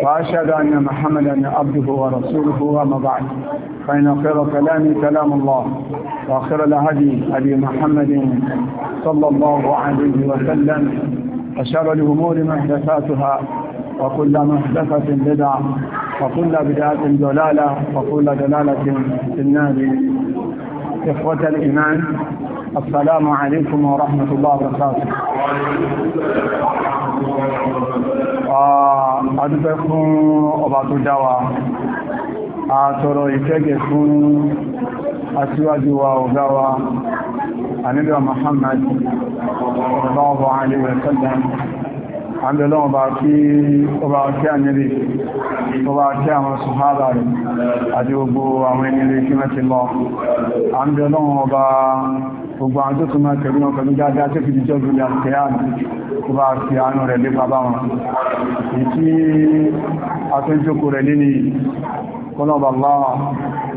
وأشهد أن محمدا عبده ورسوله وما بعد فإن خير كلام كلام الله وخير الهدي أبي محمد صلى الله عليه وسلم وشر الأمور محدثاتها وكل محدثة بدعة وكل بدعة دلالة وكل دلالة في النار إخوة الإيمان السلام عليكم ورحمة الله وبركاته adúpẹ́ fún ọba tó dá wa àtọ̀rọ̀ ìfẹ́gẹ̀ fún aṣíwájú wa ọ̀gá wa àníbà Muhammad ọ̀rọ̀lọ́wọ̀ alẹ́wẹ̀ẹ́sọ́dán àbẹ̀lọ́wọ̀ bá kí ọba kí àníbì ọba kí àwọn sùhárà rẹ̀ àti gbogbo àwọn ènìyàn kí mẹ́ ti lọ àbẹ̀lọ́wọ̀ bá gbogbo àwọn tó tún máa tẹ̀lé wọn pẹ̀lú dáadáa tó fi jíjọ́ ìrìnlẹ̀ àkẹyàmù tó bá fi àánú rẹ̀ lépa bá wọn ìtí àtúnjókò rẹ̀ lé ní kọ́nàbàlá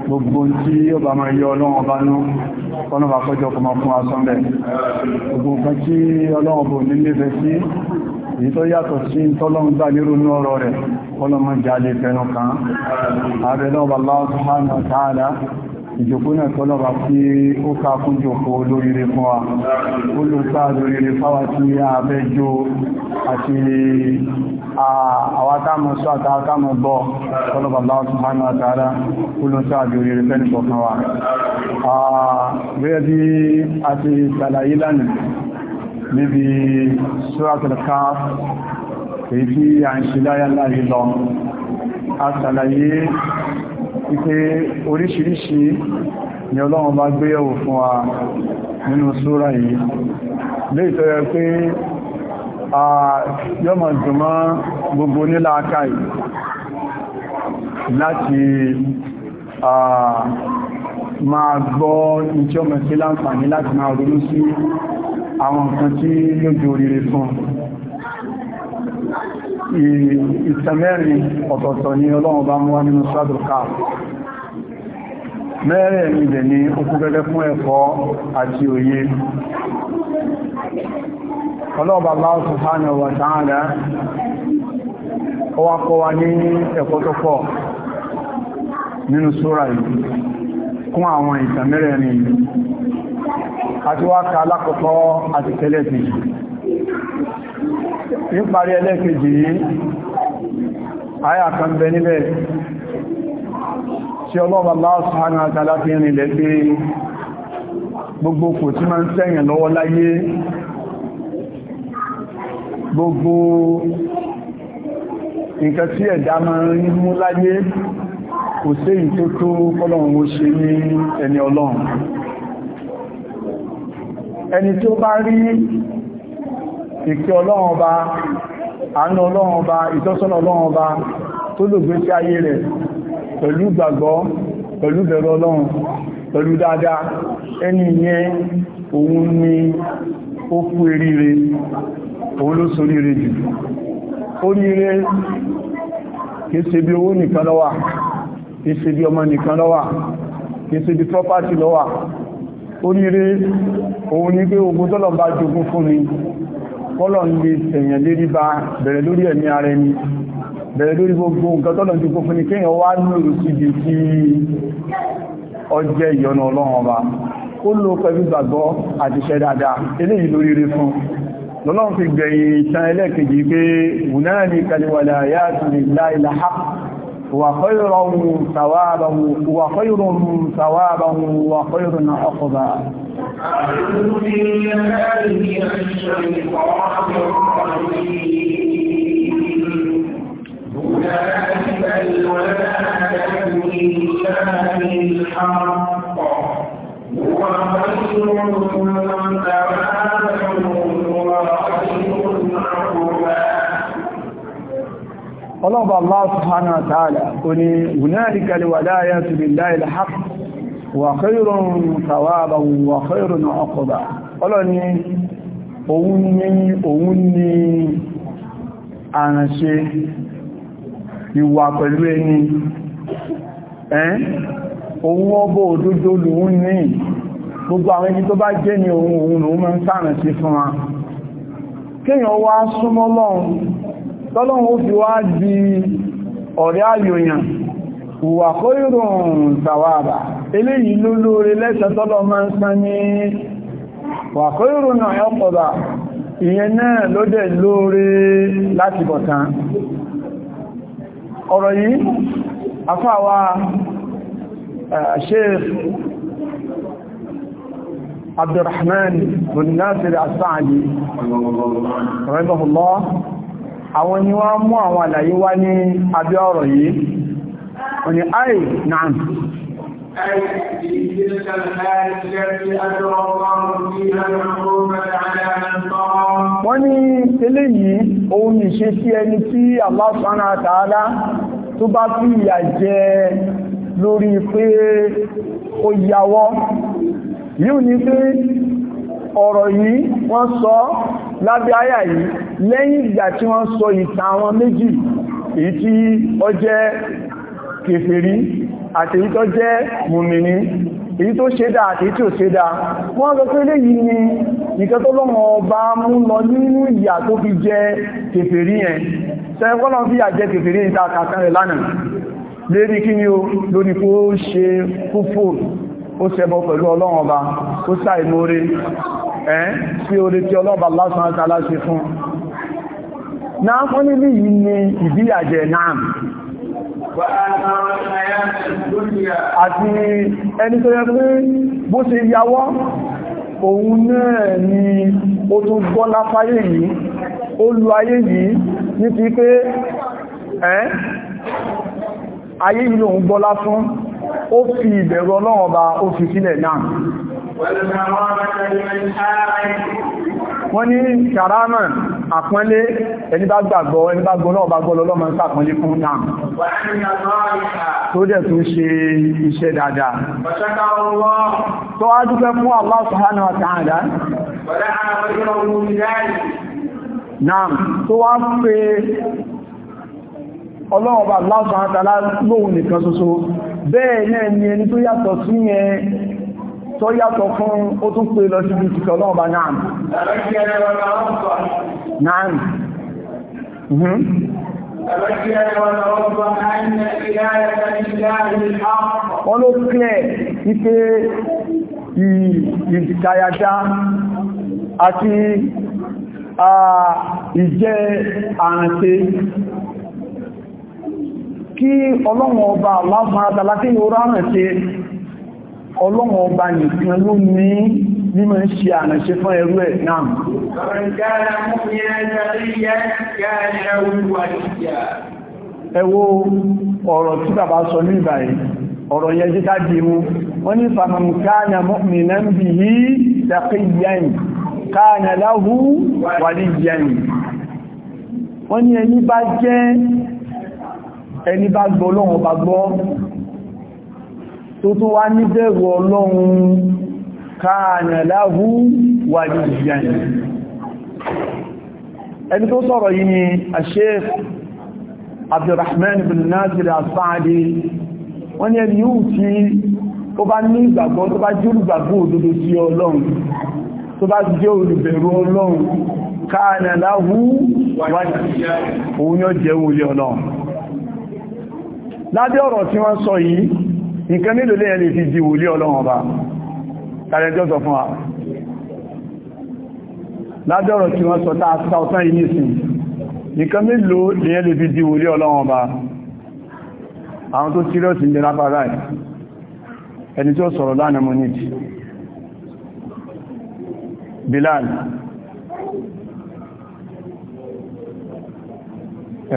gbogbo tí ó bá máa yọ ọlọ́run ọba nú kọ́nàbà kọjọ kọmọ fún asọ́nbẹ̀ gbogbo nǹkan tí ọlọ́run bò ní lẹ́fẹ̀ẹ́ sí èyí tó yàtọ̀ sí tọ́lọ́run gbà lérò ní ọ̀rọ̀ rẹ̀ kọ́nàmọ́ jà lè fẹ́ràn subhanahu wa ta'ala ìjòkó náà tọ́lọ́wà kí ó ká kún jòkó lóríire fún wa ó ló sá lóríire fáwà tí a fẹ́ jó àti àwátámọ̀ sọ àtàwátámọ̀ bọ́ tọ́lọ́wà láwọn tún hánà àtàrà ó ló sá lóríire a ti ṣàlàyé lánàá níbi suratul Kahf èyí tí a ń ṣe láyá a ṣàlàyé àti pé oríṣiríṣi ni ọlọ́run bá gbéyẹ̀wò fún wa nínú súra yìí lè tọ́yẹ pé a yọ́mọ̀ jùmọ́ gbogbo nílá akáì láti a máa gbọ́ ìjọ mẹ́sí láǹfààní láti máa ronú sí àwọn nǹkan tí yóò jẹ́ oríire fún ìtẹ̀mẹ́rin ọ̀tọ̀ọ̀tọ̀ ni ọlọ́run bá mú wá nínú sádùn káà mẹ́rẹ̀ ìdẹ̀ ni okú gẹ́gẹ́ fún ẹ̀kọ́ àti òye ọlọ́ọ̀bà bá subhanahu wa ta'ala ó wá kọ́ wa ní ẹ̀kọ́ tó pọ̀ nínú sóra yìí kún àwọn ìtẹ̀mẹ́rẹ̀ ni àti wá ka alákọ̀ọ́kọ́ àti tẹ́lẹ̀ ní parí ẹlẹ́kejì yìí àyà kan bẹ níbẹ̀ tí ọlọ́wọ́ Allah subhanahu wa ta'ala fi rìn lẹ́ pé gbogbo kò tí máa ń sẹ́yìn lọ́wọ́ láyé gbogbo nǹkan tí ẹ̀dá máa ń mú láyé kò sí èyí tó tó kọ́lọ̀run ó ṣe ní ẹni ọlọ́run ẹni tó bá rí ìkẹ́ ọlọ́run ọba àánú ọlọ́run ọba ìtọ́sọ́nà ọlọ́run ọba tó lògbé sí ayé rẹ̀ pẹ̀lú gbàgbọ́ pẹ̀lú bẹ̀rù ọlọ́run pẹ̀lú dáadáa ẹni yẹn òun ni ó kú eríire òun ló soríire jù oríire kìí ṣe bí owó nìkan ló wà kìí ṣe bí ọmọ nìkan ló wà kìí ṣe bí property ló wà oríire òun ni pé ogun tọ́lọ̀ bá jogún fún ni kọ́lọ̀ ń lè sẹ̀yàn lérí bá bẹ̀rẹ̀ lórí ẹ̀mí ara ẹni bẹ̀rẹ̀ lórí gbogbo nǹkan tọ́lọ̀ ti kó fún ní kéèyàn wá lòrò síbi tí ọjẹ́ ìyọnu ọlọ́run ọba kó ló pẹ̀lú gbàgbọ́ àti iṣẹ́ dáadáa eléyìí lórí rí fún lọ́lọ́run fi gbẹ̀yìn ìtàn ẹlẹ́ẹ̀kejì pé wùnáà ní kaliwàlà yáàtù lè láìláhà وخير ثوابا وخير ثوابا وخير عقبا أعوذ بالله من الشيطان الرجيم أولئك من لله الحق هو خير ثوابا ọlọ́ọ̀bà Allah subhanahu wa ta'ala kò ní hunalika al-wilayatu lillahi al-haqq wa khayrun thawaban wa khayrun 'uqba ọlọ́ni òun ni òun ni àrànṣe ìwà pẹ̀lú ẹni ẹ́n òun ọbọ̀ òdójó lòun ní gbogbo àwọn ẹni tó bá jẹ́ ni òun òun tọ́lọ́run ó fi wá di ọ̀rẹ́ àyòyàn wà kó ìrùn tàwàbà eléyìí ló lóore lẹ́sẹ̀ tọ́lọ́ máa ń sán ní wà kó ìrùn náà ọ̀pọ̀dà ìyẹn náà ló dẹ̀ lóore láti bọ̀tán ọ̀rọ̀ yìí afáwa Sheikh Abdurrahman bin Nasir As-Sa'di rahimahullah àwọn ni wọ́n mú àwọn àlàyé wá ní abẹ́ ọ̀rọ̀ yìí wọ́n ni ai náà wọ́n ní eléyìí òun ní ṣe sí ẹni tí Allah subhanahu tó bá fi ìyà jẹ lórí pé ó yàwọ́ yíò ní pé ọ̀rọ̀ yìí wọ́n sọ lábẹ́ àyà yìí lẹ́yìn ìgbà tí wọ́n sọ ìtàn àwọn méjì èyí tí ó jẹ́ kèfèrí àti èyí tó jẹ́ mùmìnì èyí tó ṣe dáa àti tí ò ṣe dáa wọ́n sọ pé léyìí ni nǹkan tó lọ́wọ́ ọba mú lọ nínú ìyà tó fi jẹ kèfèrí yẹn sẹ́fọ́lọ́ fi yà jẹ kèfèrí yẹn ta kàkàrẹ̀ lánàá lérí kí ni ó lórí kó ṣe kúfòrò ó ṣẹbọ pẹ̀lú ọlọ́run ọba ó ṣàìmóre ẹ́ sí orí tí ọlọ́ba lásán àtàlá ṣe fún náà fún nílé yìí ni ìdíyàjẹ náà àti ẹni tó yẹ pé bó ṣe yàwọ́ òun náà ni ó tún gbọ́lá fáyé yìí ó lu ayé yìí ní ti pé ẹ́ ayé yìí lòun gbọ́lá fún ó fi ìbẹ̀rù ọlọ́run ọba ó fi sílẹ̀ náà wọ́n ní kàrámà àpọ́nlé ẹni bá gbàgbọ́ ẹni bá gbọ́ náà bá gbọ́ lọ́lọ́mọ sàpọ́nlé fún náà tó dẹ̀ tún ṣe iṣẹ́ dáadáa tó á dúpẹ́ fún Allah subhanahu wa ta'ala Naam, tó wá ń pe ọlọ́ọ̀bà láàbàtàlá lóhun nìkan soso. bẹ́ẹ̀ náà ni ẹni tó yàtọ̀ sí yẹn tó yàtọ̀ fún ó tún pè lọ síbi ìtìkọ̀ ọlọ́ọ̀bà náà náà mhm. wọ́n ló kílẹ̀ ipé ìdìkayàjá àti ìjẹ́ àrànṣe kí ọlọ́run ọba aláfàádàlá tí ó rárẹ̀ ṣe ọlọ́run ọba nìkan ló ní mímọ̀ ń ṣe àrẹ̀ṣe fún ẹrú ẹ̀ náà ẹwọ́ ọ̀rọ̀ tí bàbá sọ ní ìbàyí ọ̀rọ̀ yẹn jẹ́ káàdì mú wọ́n ní fàmàmùkáàyà mọ́mìnà ń bì yí dàkíyàn káàyà láhú wàlíyàn wọ́n ní ẹni bá jẹ́ ẹni bá gbọ́ ọlọ́run bá gbọ́ tó tún wá níbẹ̀rù ọlọ́run káànà láhú wà ní ìyàní ẹni tó sọ̀rọ̀ yìí ni Sheikh Abdurrahman bin Nasir As-Sa'di wọ́n ni ẹni yóò tí ó bá ní ìgbàgbọ́ tó bá jẹ́ olùgbàgbọ́ òdodo sí ọlọ́run tó bá jẹ́ olùbẹ̀rù ọlọ́run káànà láhú wà ní ìyàní lábẹ́ ọ̀rọ̀ tí wọ́n sọ yìí nǹkan mélòó lẹ́yìn lè fi di wòlé ọlọ́run ọba tàrẹjọ́ sọ fún wa lábẹ́ ọ̀rọ̀ tí wọ́n sọ tààtàọ̀tán yìí nìsìn nǹkan mélòó lẹ́yìn lè fi di wòlé ọlọ́run ọba àwọn tó serious ń dẹ̀rá bá ráì ẹni tí ó sọ̀rọ̀ lánàá mo ní Bilal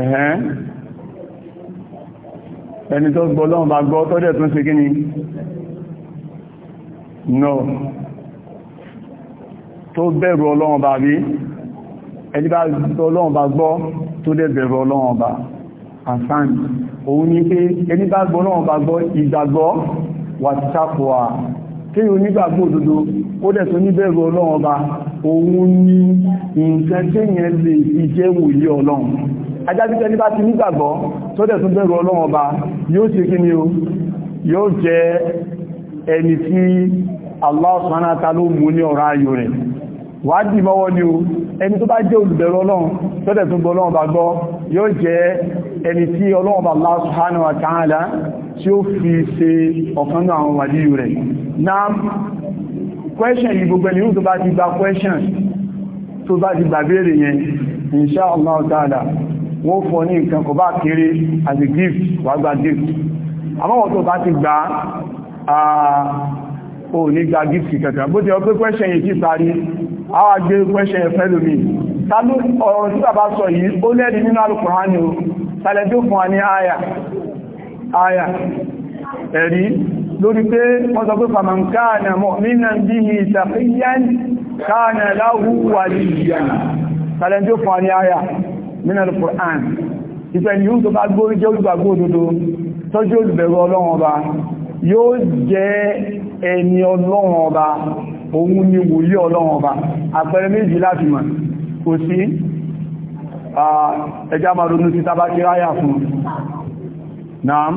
ẹ̀hẹ́n ẹni tó gbọ́ lọ́wọ́ bá gbọ́ tọ́jẹ̀ tún sí kíni no tó bẹ̀rù ọlọ́wọ́ bá rí ẹni bá ọlọ́wọ́ bá gbọ́ tó dẹ̀ bẹ̀rù ọlọ́wọ́ bá àsán òun ní pé ẹni bá gbọ́ lọ́wọ́ bá gbọ́ ìgbàgbọ́ wà tàkùwà tí o nígbàgbọ́ òdodo ó dẹ̀ tó níbẹ̀rù ọlọ́wọ́ bá òun ní nǹkan tí yẹn lè fi jẹ́ wòlé ọlọ́run ajásíkẹ́ ní bá ti nígbàgbọ́ tó dẹ̀ tún bẹ̀rù Ọlọ́run Ọba yóò ṣe kí ni o yóò jẹ́ ẹni tí Allah subhanahu wa ta'ala mú ní ọ̀rọ̀ ayò rẹ̀ wádìí mọ́wọ́ ni o ẹni tó bá jẹ́ olùbẹ̀rù Ọlọ́run tó dẹ̀ tún bọ́ Ọlọ́run Ọba gbọ́ yóò jẹ́ ẹni tí Ọlọ́run Ọba Allah subhanahu wa ta'ala tí ó fi question yìí gbogbo ẹni tó bá ti gba question tó bá ti gbà béèrè yẹn insha Allah ta'ala wọ́n fún ní nǹkan kò bá kéré as a gift wà gba gift àmọ́wọ̀n tó bá ti gba ò ní gba gift kẹta bó ti ọpẹ́ question yìí ti parí àwa gbé question yẹn fẹ́lú mi tàbí ọ̀rọ̀ tí bàbá sọ yìí ó lẹ́rìí nínú Al-Qur'ani o tàlẹ̀ tó fún wa ní àyà àyà ẹ̀rí lórí pé wọ́n sọ pé fàmàǹkáànà mọ̀mínà bí i ìtàfíyàn káànà láhúwà lè yìí tàlẹ̀ tó fún wa ní àyà nínú al-Qur'an ìfẹ́ ni yóò tó bá gbórí jẹ́ olùgbàgbọ́ òdodo tọ́jú olùbẹ̀rù ọlọ́run ọba yóò jẹ́ ẹni ọlọ́run ọba òun ni wòlí ọlọ́run ọba àpẹẹrẹ méjì láti mọ̀ kò sí ẹjá máa ronú sí tàbá kí ráyà fún náà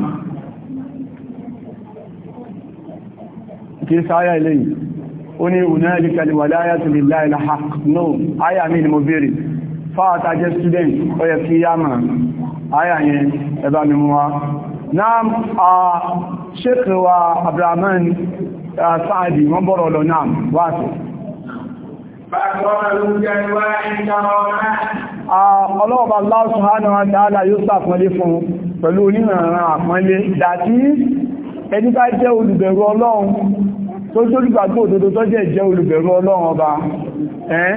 kí sáyà ilé yìí ó ní ìwòná ẹ̀lẹ́kẹ̀lẹ̀ wà láyà tó lè láìláha náà áyà fáwátá jẹ́ student ó yẹ kí yá mọ̀ ayà yẹn ẹbá mi mú wá náà a ṣékè wa Abdulrahman Sáàdì wọ́n bọ̀rọ̀ lọ náà wáṣẹ̀ ọlọ́ọ̀bà Allah subhanahu wa ta'ala yóò sàpọ̀lé fún pẹ̀lú oníranran àpọ́nlé dàtí ẹni bá jẹ́ olùbẹ̀rù Ọlọ́run tó tó lùgbàgbọ́ òdodo tó jẹ́ jẹ́ olùbẹ̀rù ọlọ́run ọba ẹ́n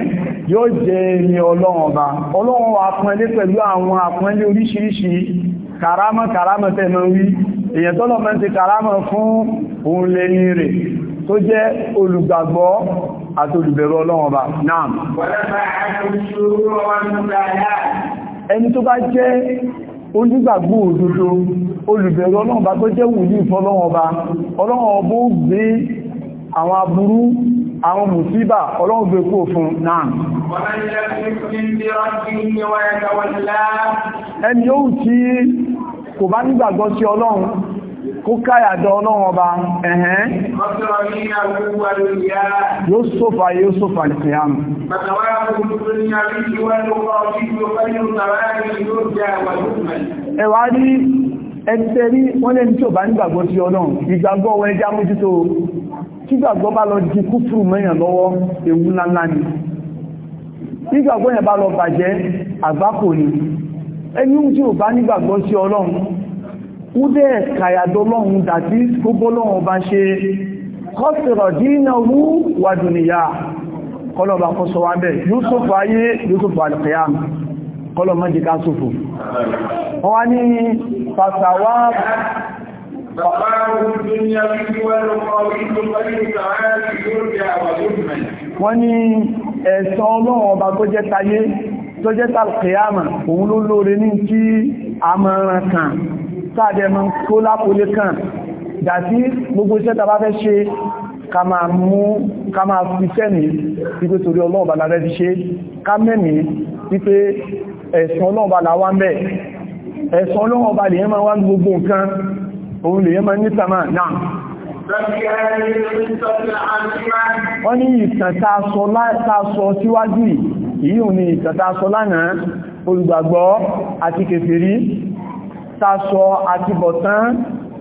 yóò jẹ́ ẹni ọlọ́run ọba ọlọ́run wà pẹ́lẹ́ pẹ̀lú àwọn àpẹ́lé oríṣiríṣi kàrámọ̀ kàrámọ̀ tẹ́mọ̀ wí èyàn tọ́lọ̀ mẹ́ ti kàrámọ̀ fún òun lẹ́ni rẹ̀ tó jẹ́ olùgbàgbọ́ àti olùbẹ̀rù ọlọ́run ọba náà ẹni tó bá jẹ́ onígbàgbọ́ òdodo olùbẹ̀rù ọlọ́run ọba tó jẹ́ wùlí ìfọ́lọ́run ọba ọlọ́run ọba ó gbé àwọn aburú àwọn mùsíbà ọlọ́run gbé kó fún náà ẹni yóò tí kò bá nígbàgbọ́ sí ọlọ́run kó káyàdọ̀ ọlọ́run ọba ẹ̀hẹ́n yóò sófà yóò sófà nìkìyàmù ẹwà rí ẹ̀tẹ́rí wọ́n lẹ́ni tí ò bá nígbàgbọ́ sí ọlọ́run ìgbàgbọ́ wọn ẹjá mójútó tí gbàgbọ́ bá lọ di kúfùrù mẹ́yàn lọ́wọ́ ewu ńláńlá ni tí gbàgbọ́ yẹn bá lọ bàjẹ́ àgbákò ni ẹni tí ò bá nígbàgbọ́ sí ọlọ́run ó dẹ̀ kàyàdọ́ lọ́run dàbí gbogbo lọ́run bá kọ́lọ̀ mọ́jẹ ká sófò wọ́n wá ní fàtàwà wọ́n ní ẹ̀sán ọlọ́run ọba tó jẹ́ tayé tó jẹ́ tàkìyàmà òun ló lóore ní kí a mọ̀ràn kan sáàdẹ̀ mọ́ kó lápolé kan dàtí gbogbo iṣẹ́ tàbá fẹ́ ṣe ká máa mú ká máa fi sẹ́ni wípé torí ọlọ́ọ̀bà lábẹ́ fi ṣe ká mẹ́ni wípé ẹ̀sùn ọlọ́ọ̀bá làwá mẹ́ ẹ̀sùn ọlọ́ọ̀bá lè yẹ́ máa wá gbogbo nǹkan òun lè yẹ́ máa ní sàmà náà wọ́n ní ìtàntà sọ síwájú yìí ò ní ìtàntà sọ lánàá olùgbàgbọ́ àti kèfèrí tàṣọ àti bọ̀tán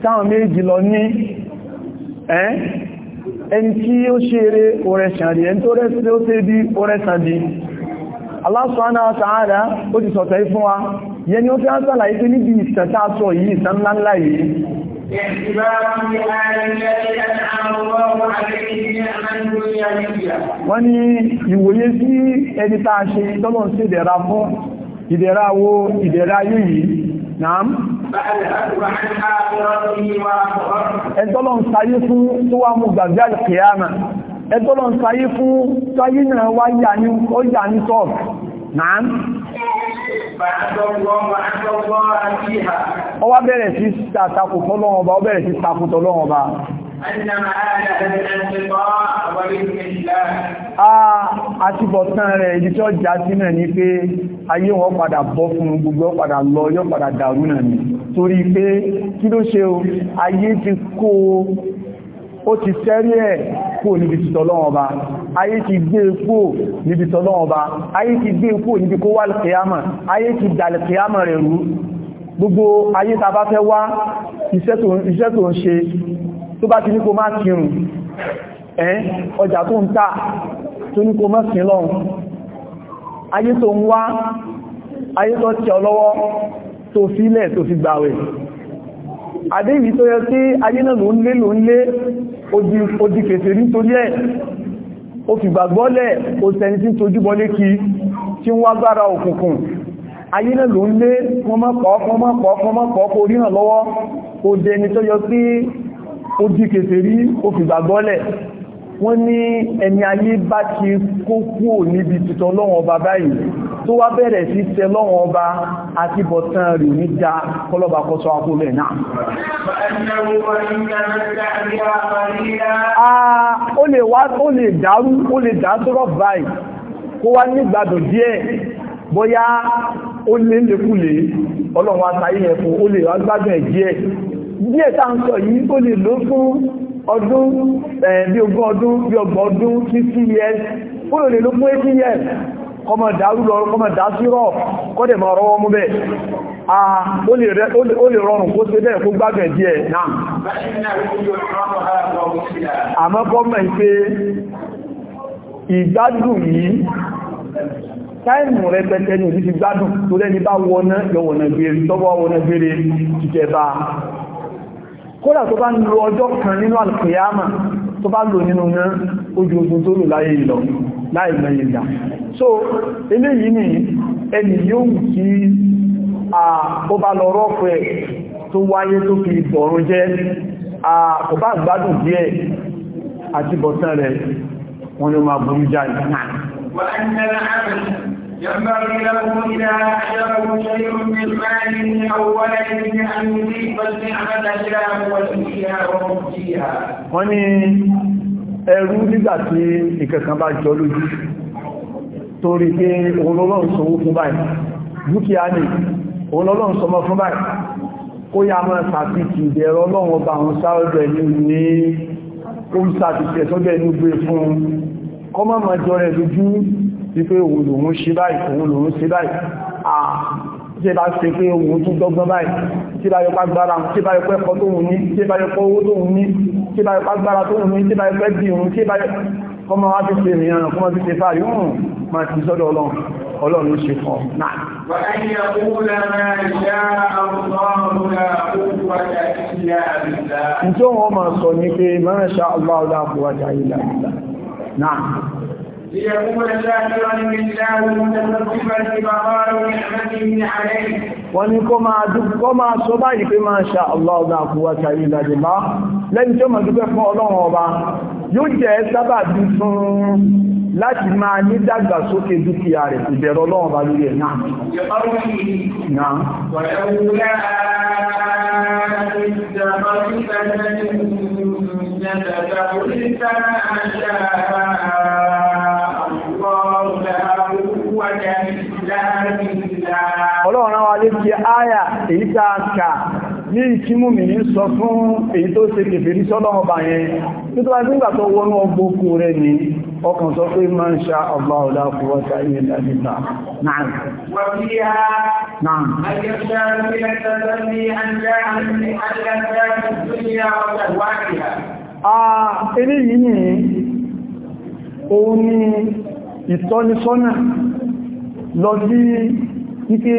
táwọn méjì lọ ní ẹni tí ó ṣe eré orẹ̀ṣàndì ẹni tó rẹ̀ sí ó tẹ́ bí orẹ̀ṣàndì Allah subhanahu wa ta'ala ó ti sọ̀tẹ̀ fún wa yẹ ni ó fi ń sàlàyé pé níbi ìsẹ̀ta sọ yìí ìsàn ńláńlá yìí wọ́n ní ìwòye sí ẹni tàà ṣe tọ́lọ̀ sí ìdẹ̀ra fún ìdẹ̀ra wo ìdẹ̀ra ayé yìí náà ẹ̀tọ́lọ̀ ń sáyé fún tó wá mú gbàgbé àlùkìyàmà ẹgbọ́lọ̀ sáyé fún sáyé náà wá yà ní ọjà ní sọ́ọ̀kì náà ọwá bẹ̀rẹ̀ sí tàkù tọ́lọ́wọ́n ọba ọbẹ̀rẹ̀ sí tàkù tọ́lọ́wọ́n ọba àti bọ̀tán rẹ̀ ìdí tí ó já sí náà ní pé ayé wọn padà bọ́ fún gbogbo padà lọ yọ́ padà dàrú náà ní torí pé kí ló ṣe ayé ti kó ó ti sẹ́rí ẹ̀ kú níbi ti tọ́lọ́wọ́n ọba ayé ti gbé e kú níbi tọ́lọ́wọ́n ọba ayé ti gbé e kú níbi kó wà lẹ́kẹ̀yàmọ̀ ayé ti dàlẹ̀kẹ̀yàmọ̀ rẹ̀ rú gbogbo ayé ta bá fẹ́ wá iṣẹ́ tó ń ṣe tó bá ti ní kó má kírun ẹ́n ọjà tó ń tà tó ní kó má sí lọ́run ayé tó ń wá ayé tó tẹ́ ọ lọ́wọ́ tó fílẹ̀ tó fi gbàwẹ̀ àdéyìí tó yẹ sí ayé náà ló ń lé ló ń lé odi kèsè rí torí ẹ̀ ó fi gbàgbọ́lẹ̀ ó sẹni tí tójúbọlé kí tí ń wá gbára òkùnkùn ayé náà ló ń lé kọmọ́pọ̀ọ́kọmọ́pọ̀ọ́kọ orí náà lọ́wọ́ ó wọ́n ní ẹni ayé bá ti kó kúrò níbi títọ́ lọ́wọ́ ọba báyìí tó wá bẹ̀rẹ̀ sí tẹ lọ́wọ́ ọba àti bọ̀tán rí ní já kọlọ́bà kọsọ akólẹ̀ náà ó lè wá ó lè dárú ó lè dátọ́rọ̀ báyìí kó wá nígbàdọ̀ díẹ̀ bóyá ó lé lékúlé ọlọ́run àtàyẹ̀ fún ó lè wá gbádùn ẹ̀ díẹ̀ díẹ̀ tá ń sọ yìí ó lè ló fún ọdún bí ogún ọdún bí ọgbọ̀n ọdún sí years ó lè kọmọ dàrú lọ sí rọ̀ kọ́dẹ̀ ma rọwọ́ mú ó lè rọrùn kó ṣe bẹ́ẹ̀ kó gbágbẹ̀ díẹ̀ náà táìmù rẹ̀ ní ti gbádùn tó lẹ́ni bá yọ wọ̀nà kódà tó bá ń lo ọjọ́ kan nínú alkiyama tó bá lò nínú náà ojú ogun tó lò láyé ìlọ láì mẹ́yẹ ìgbà so eléyìí ni ẹni yóò kí ó bá lọ rọ́pọ̀ ẹ̀ tó wáyé tó fi bọ̀rún jẹ́ kò bá gbádùn díẹ̀ àti bọ̀tán rẹ̀ wọ́n ni ó máa burú jáì ينبغي له إذا أعجبه من مال أو ولد أن يضيف النعمة إلى وليها ومبديها wọ́n ní ẹrú nígbà tí ìkẹ̀kan bá jọ lójú torí pé òun lọ́lọ́run sanwó fún báyìí dúkìá ní òun lọ́lọ́run sọmọ fún báyìí kó yá mọ́ sàtìkì ìdẹ̀rọ ọlọ́run ọba àwọn sáwọ́dọ̀ ẹni ní ó ń sàtìkì wípé òun lòun ṣe báyìí òun lòun ṣe báyìí tí bá ṣe pé òun tún dọ́gbọ́n báyìí tí bá yọpá gbára tí ẹ̀kọ́ tó ní tí bá owó tó ní tí bá yọpá gbára tó ní tí bá yọpá bí òun tí bá wá fi ṣe ìrìnà kọmọ fi ṣe fàárí hùn ma ti sọ́dọ̀ ọlọ́run ọlọ́run ṣe fọ́ náà Ìjọ́ ليكون شاكرا لله متسببا بمقام نعمته عليه wọ́n ní kó máa dúpẹ́ kó máa sọ báyìí pé máa ṣá Allah la quwwata illa billah lẹ́yìn tó máa dúpẹ́ fún ọlọ́run ọba yóò jẹ́ sábàbí fún láti máa ní dàgbàsókè dúkìá rẹ̀ ìbẹ̀rẹ̀ ọlọ́run ọba lórí ẹ̀ náà. Ọlọ́run wa lè fi áyà èyí tàà kà ní ìkímú mi ní sọ fún èyí tó ṣe kèfèrí sọ́lọ́run bà yẹn. Títọ́ ẹgbẹ́ ìgbà tó wọnú ọgbókú rẹ̀ ní ọkàn sọ pé máa ń ṣá ọba ọ̀dá fúwọ́ta ilẹ̀ ìdájítà náà. Wọ́n ìtọ́nisọ́nà lọ sí ike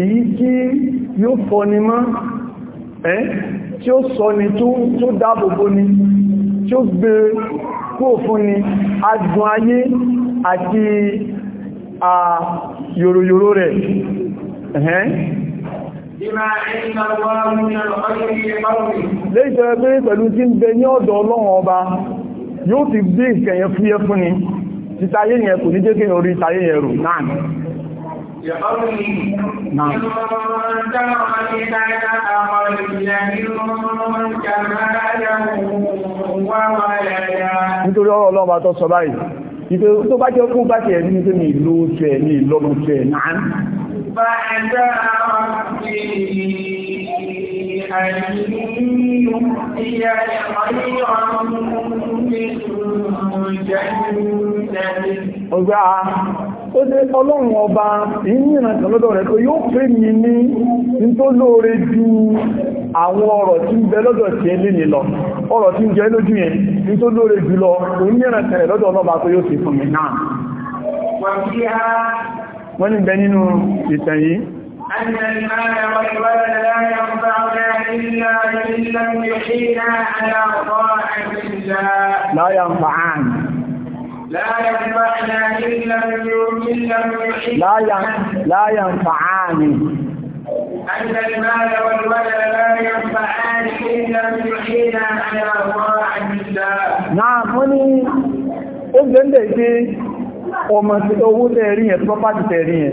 èyí tí yóò fọ́ni mọ́ ẹ́ tí ó sọ ni tó dáàbòbò ni tí ó gbé kúrò fún ni adùn ayé àti a yòròyòrò rẹ̀ ẹ̀hẹ́n lẹ́yìn tẹ́rẹ pé pẹ̀lú tí ń bẹ ní ọ̀dọ̀ ọlọ́run ọba yóò ti gbé ìkẹyẹ fúyẹ́ fún ni títayé yẹn kò ní jẹ́ kí orí tayé yẹn rò náà nítorí ọ̀rọ̀ ọlọ́ọ̀bá tó sọ báyìí ìpé tó bá jẹ́ fún báṣẹ̀ ẹ̀mí ní ní ìlú oṣù ẹ̀mí ìlọ́nà oṣù ẹ̀ náà bá ẹjọ́ àwọn ìrìn àìyí ìyá ẹ̀mọ́ Ọgbà ó ní ọlọ́run ọba inú ìrìnàjò lọ́dọ̀ rẹ̀ tó yóò pè mi ní tó lóore ju àwọn ọ̀rọ̀ tí ń bẹ lọ́dọ̀ tí ẹ lè lọ. ọ̀rọ̀ tí ń jẹ lójú yẹn ní tó lóore jù lọ ní أن المال والولد لا ينفعنا إلا من لم يحينا على طاعة الله لا ينفعان لا ينفعنا إن لم لا لا ينفعان أن المال والولد لا ينفعان إن لم يحينا على طاعة الله نعم وني ó gbẹ́ndẹ̀ pé ọmọ owó tẹ́ẹ̀rí ẹ̀ pọ́pátì tẹ́ẹ̀rí ẹ̀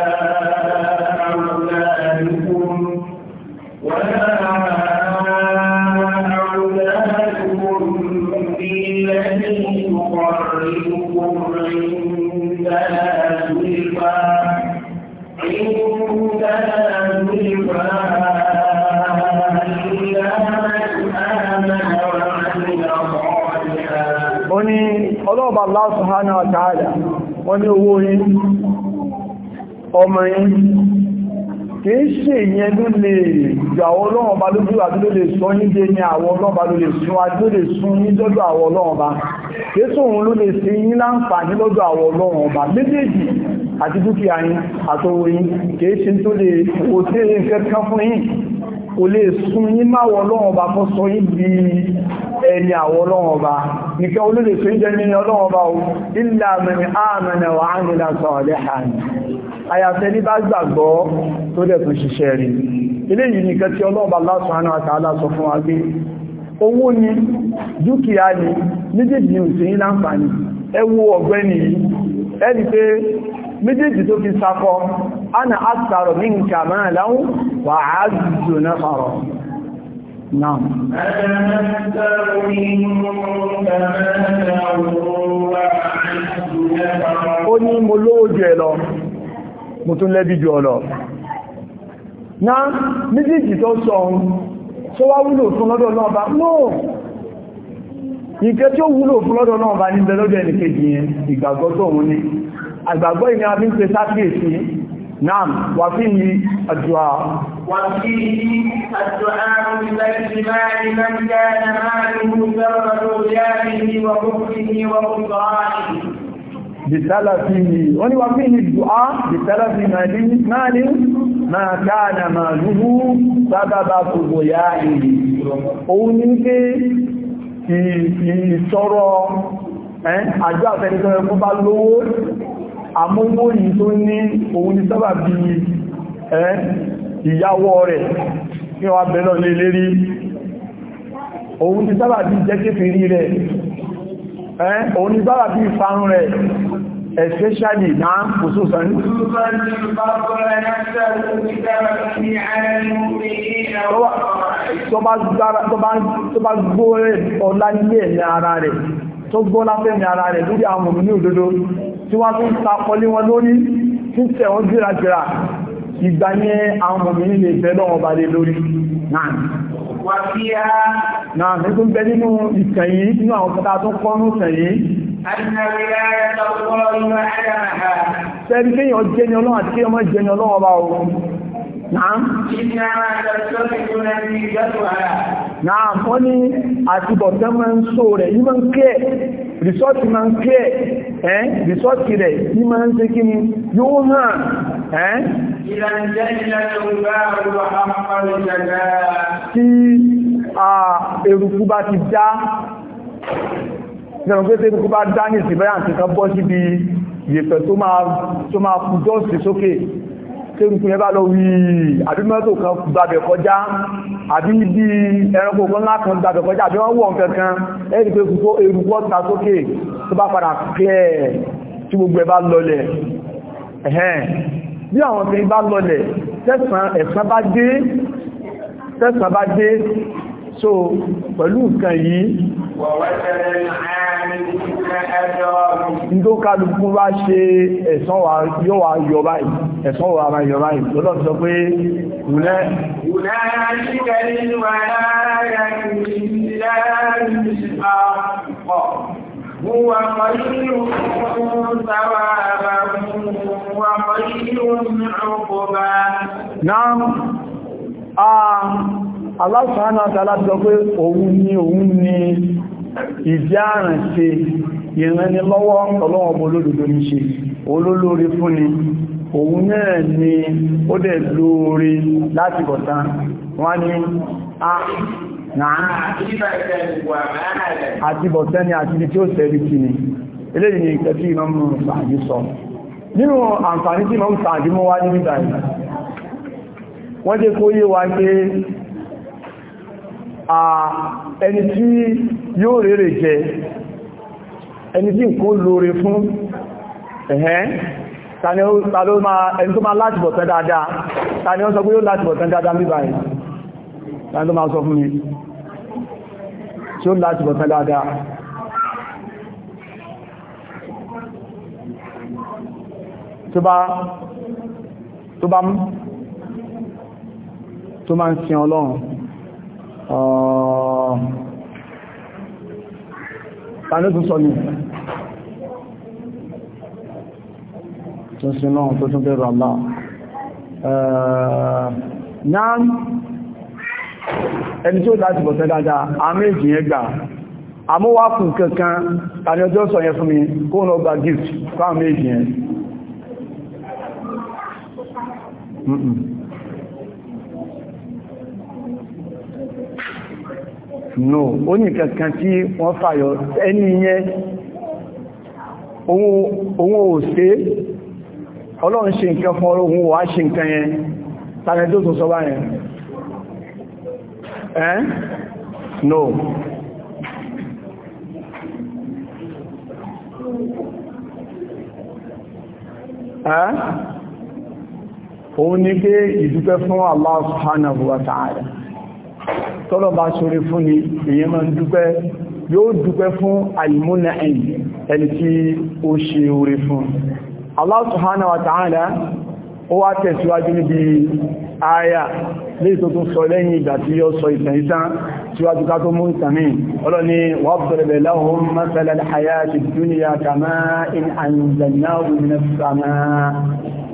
ọlọ́ọ̀bà Allah subhanahu wa ta'ala wọ́n ní owó yín ọmọ yín kìí ṣe ìyẹn ló lè gbà ọlọ́ọ̀bà lójú àti ló lè sọ ní dé ní àwọn ọlọ́ọ̀bà ló lè sún àti ló lè sún ní lọ́dọ̀ àwọn ọlọ́ọ̀bà kéṣù òun ló lè ṣe yín láǹfààní lọ́dọ̀ àwọn ọlọ́ọ̀bà méjèèjì àti dúkìá yín àtọwò yín kìí ṣe tó lè kò lè sun yí máwọ ọlọ́ọ̀ba fún sọ yí bí ẹni àwọ ọlọ́ọ̀ba nìkan olóòlè tó ń jẹ́ ní ọlọ́ọ̀ba o illa man amana wa amila salihan àyàfẹ́ ní bá gbàgbọ́ tó dẹ̀ tó ṣiṣẹ́ rí ni dúkìá ni méjèèjì òsè ní láǹfààní ẹ wo ọ̀gbẹ́ni yìí ẹni méjèèjì tó fi sakọ ana akthar minka malan wa azzu نعم أنا أكثر منك مالا وأعز نفرا ó ní mo lówó lọ mo tún lẹ́bí lọ náà méjèèjì tó ohun tí ó wúlò fún náà bá ní bẹ lọ́dọ̀ ẹnìkejì yẹn ìgbàgbọ́ tó ní àgbàgbọ́ ìní نعم وفيه الدعاء وفيه الدعاء بالاجتماع من كان ماله سبب طغيانه وكفره وخسرانه بتلفه وني وفيه الدعاء بتلف مال مال ما كان ماله سبب طغيانه اونيكي في في سورو eh ajo afẹnikẹ́ fún bá lówó àmúgbóyìn tó ní òun ni sábà bí ìyàwó rẹ̀ ní wà bẹ̀rọ lè lérí òun ni sábà bí jẹ́kẹ́fèrí rẹ̀ òun ni sábà bí ìfarun rẹ̀ especially na khususan tó bá gbóòrẹ̀ ọlá ní ara rẹ̀ tó gbọ́ láfẹ́mì ara rẹ̀ lórí àwọn òmìnir ní òdodo tí wọ́n tún takọlé wọn lórí tí tẹ̀ wọ́n jírajíra ìgbà yẹn àwọn òmìnir lè bẹ́ lọ́wọ́ bá lé lórí náà nígbùn bẹ nínú ìtàn yìí nínú àwọn kọta tó kọ́ ní ìtàn yìí sẹ́rí kéèyàn jẹ́ni ọlọ́run àti kéèyàn jẹ́ni ọlọ́run ọba ọ̀run Nàám. Nàám ó ní àtibọ̀tán máa ń só rẹ̀, yí máa ń kí ẹ̀, rìsọ́ọ̀tì máa ń kí ẹ̀, ẹ́ rìsọ́ọ̀tì rẹ̀ yí máa ń ṣe kí ni yóò hàn ẹ́. Tí èrùkú bá ti dá, ìjọba pé tẹ́rùkú bá dá ní ìsìnbáyà àti kan bọ́ síbi ìyẹ̀pẹ̀ tó máa kú jọ́sì sókè tẹ́rùkú yẹn bá lọ wí àbí mọ́tò kan gbàbẹ̀ kọjá àbí bí ẹranko kan ńlá kan gbàbẹ̀ kọjá àbí wọ́n wọ̀n kankan ẹni pé kúkó erùpọ̀ ta sókè tó bá padà pẹ́ tí gbogbo ẹ bá lọlẹ̀ ẹ̀hẹ́n bí àwọn tí bá lọlẹ̀ tẹ́sàn ẹ̀sán bá dé tẹ́sàn bá dé so pẹ̀lú nǹkan yìí ní tó kálukú bá yọ báyìí ẹ̀fọ́ wà máa yọ báyìí lọ́dọ̀ sọ pé wùlẹ́ Allah subhanahu wa ta'ala sọ pé òun ni òun ni ìjáràn ṣe ni lọ́wọ́ ọlọ́wọ́ olódodo ní ṣe olólórí fún ni òun náà ni ó dẹ̀ lóore láti bọ̀ta wọ́n ni a náà àti bọ̀tẹ́ ni àti tí ó sẹ́rí ni eléyìn sọ nínú tí sàájú mọ́ wá ní ẹni tí nǹkan lóore fún ẹ̀hẹ́n tani ó máa ẹni tó máa láti bọ̀tán dáadáa tani ó sọ pé ó láti bọ̀tán dáadáa mí báyìí tani tó máa sọ fún mi tí ó láti bọ̀tán dáadáa tó bá tó máa ń sin ọlọ́run ọ̀ọ̀ tàníkù sọ ní tó sí náà tó tún bẹ̀rọ àlá náà ẹni tí ó láti bọ̀ sẹ́dájá àmì ìjìyàn gbà àmúwákùn kankan tàní ọjọ́ sọ yẹn fún mi kó lọ gba gift fáàmì ìjìyàn no ó ní kankan tí wọ́n fàyọ ẹni yẹn ohun ò ọlọ́run ṣe nǹkan fún ọlọ́run wà ṣe nǹkan yẹn tàbí tó sọ bá yẹn no ẹ́ òun ní pé ìdúpẹ́ fún Allah subhanahu wa ta'ala tọ́lọ̀ bá ṣorí fún ni èyí máa ń dúpẹ́ yóò dúpẹ́ fún àìmúnà ẹ̀yìn ẹni tí ó ṣe orí fún Allah subhanahu wa ta'ala ó wá tẹ̀síwájú níbi àyà léè tó tún sọ lẹ́yìn ìgbà tí yóò sọ ìtàn ìtàn síwájú ká tó mú ìtàmì ọlọ́ni wà bẹ̀rẹ̀ lahum mathala al-hayati ad-dunya kama'in anzalnahu minas sama'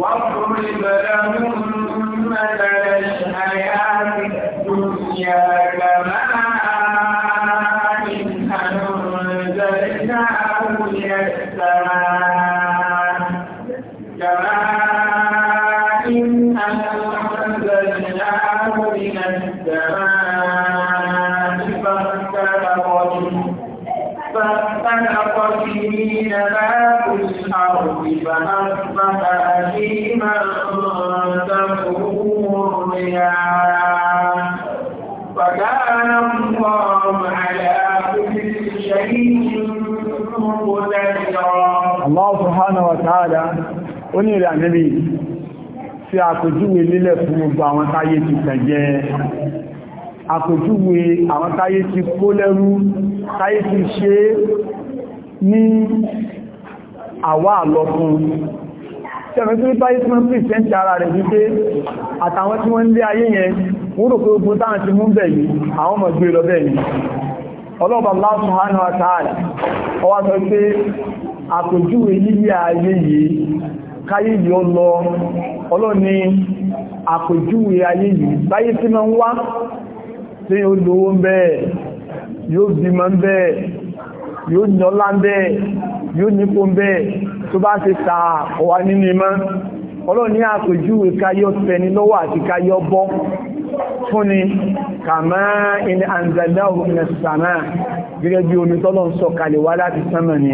وَاضْرِبْ لَهُم ní ìrìn àníbí tí àpòjúwe lílẹ̀ fún gbogbo àwọn táyé ti tẹ̀jẹ́ àpòjúwe àwọn táyé ti kó lẹ́rú táyé ti ṣe ní àwá àlọ́fún tẹ́mẹ́sí báyé tí wọ́n fi sẹ́ntì ara rẹ̀ wípé àtàwọn tí wọ́n ń lé ayé yẹn wúrò pé ogun táwọn ti mú bẹ̀ yìí àwọn ọmọ gbé lọ bẹ́ẹ̀ ni ọlọ́ọ̀bà Allah subhanahu wa ọwá sọ pé àpòjúwe lílé ayé yìí káyé yìí ó lọ ọlọ́ni àpèjúwe ayé yìí báyé tí ma ń wá tí yóò lówó ń bẹ́ẹ̀ yóò bímọ ń bẹ́ẹ̀ yóò nọ́lá ń bẹ́ẹ̀ yóò nípo ń bẹ́ẹ̀ tó bá ti ta ọwà nínú imá ọlọ́ni àpèjúwe káyé ọ̀tẹni lọ́wọ́ àti káyé ọbọ́ fúnni kàmá in anzalahu min as-sama gẹ́gẹ́ bí omi tọ́lọ́ ń sọ kalẹ̀ wá láti sánmà ni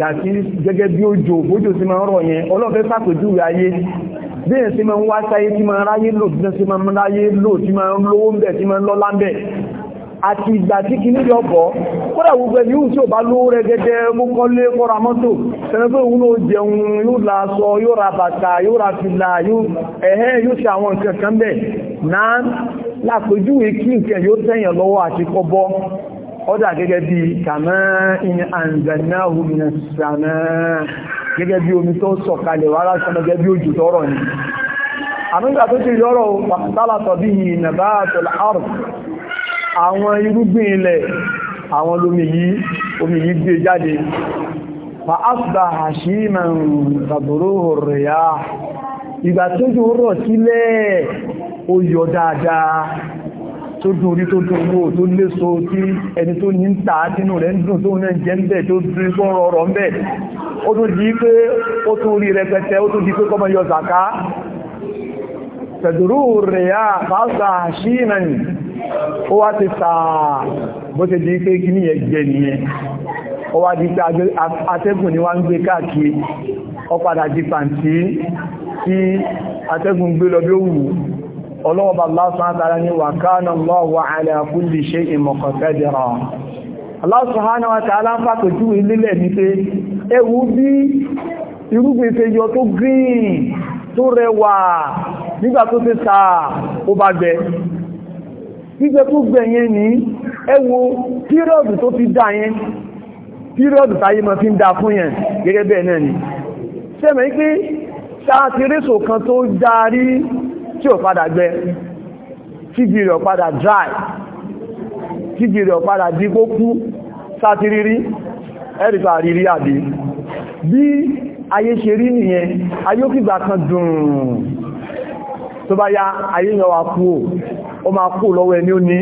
dàtí gẹ́gẹ́ bí òjò bójò sí máa ń rọ̀ yẹn ọlọ́fẹ́ sàpèjúwe ayé bí èyàn sí máa ń wá sáyé tí máa ráyé lò tí sí máa ń ráyé lò tí máa ń lówó ń bẹ̀ tí máa ń lọ́lá ń bẹ̀ àti ìgbà tí kì ní yọ̀bọ̀ kódà gbogbo ẹni tí ò bá lówó rẹ̀gẹ́gẹ́ mọ́kànlé kọ́ra mọ́tò tẹ́lẹ́fẹ́ òun ó jẹun yóò la aṣọ yóò ra bàtà yóò ra fìlà ẹ̀hẹ́ yóò ṣe àwọn nǹkan kan bẹ̀ náà lápèjúwe kí nǹkan yóò tẹ̀yàn lọ́wọ́ àti kọ́bọ́ ọdá gẹ́gẹ́ bí kàmá in anzanahu minas sama gẹ́gẹ́ bí omi tó sọ̀kalẹ̀ wá lásánà gẹ́gẹ́ bí òjò tọ́rọ̀ ni àmúgbà tó ti yọ́rọ̀ tálàtọ̀ bí i nabatul ard àwọn irúgbìn ilẹ̀ fa asbà hashiman tàbùrúhù riyah ìgbà tó jù rọ̀ tó dùn orí tó dùn owó tó léso tí ẹni tó ní ń ta nínú rẹ̀ ń dùn tó ń jẹ́ ń bẹ̀ tó dùn tó ń rọrọ̀ ń bẹ̀ ó tó di pé ó tó rí rẹpẹtẹ ó tó di pé kọ́mọ yọ zàká tẹ̀dùrú rẹ̀ yá fásà ṣíìnàní ó wá ti tàà bó ṣe di pé kí ní ẹgbẹ̀ nìyẹn ó wá di pé atẹ́gùn ni wá ń gbé káàkiri ó padà di pàǹtí tí atẹ́gùn gbé lọ bí ó wù ọlọ́ọ̀bà Allah subhanahu wa ta'ala ní wa kana Allahu ala kulli shay'in muqtadira Allah subhanahu wa ta'ala ń fàtòjú ilélẹ̀ ní pé ewu bí irúgbìn ṣe yọ tó green tó rẹwà nígbà tó ṣe sáà ó bá gbẹ gbígbẹ tó gbẹ yẹn ní ewu pírọ̀dù tó fi dá yẹn pírọ̀dù táyé mọ́ fi ń dá pé sáà ti réṣò kan tó darí tí ò padà gbẹ tíjì rẹ̀ padà dry tíjì rẹ̀ padà di kó kú sátírírí ẹ̀rìfà rírí àbí bí ayé ṣe rí nìyẹn ayé òkìgbà kan dùn tó bá yá ayé yọ wà kú ó máa kú lọ́wọ́ ẹni ó ní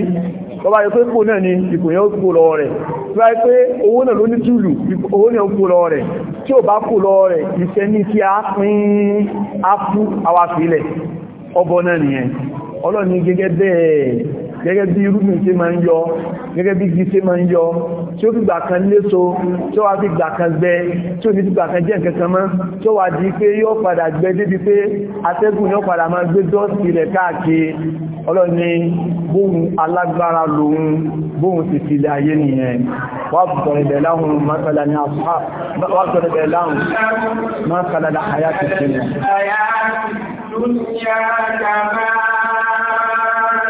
bọ́bá yẹ pé kò náà ni ipò yẹn ó kò lọ rẹ̀ tí wáyé pé owó náà ló ní túlù owó náà ó kò lọ rẹ̀ tí ò bá kò lọ rẹ̀ ìṣẹ́ ní kí a pín ápú àwàfilẹ̀ ọbọ̀ náà nìyẹn ọlọ́ni gẹ́gẹ́ bẹ́ẹ̀ gẹ́gẹ́ bí irúgbìn ṣe máa ń yọ gẹ́gẹ́ bí igi ṣe máa ń yọ tí ó fi gbà kan léso tí ó wá fi gbà kan gbẹ tí ò ní fi gbà kan jẹ́ nǹkan kan mọ́ tí ó wá di pé yóò padà gbẹ débi pé atẹ́gùn yóò padà máa gbé dọ́ọ̀sì rẹ̀ káàkiri ọlọ́ni bóhun alágbára lòun bóhun ti fi ayé nìyẹn wà bọ̀rẹ̀bẹ̀ láhùn láhùn mọ́kànlá ní àyà ti fi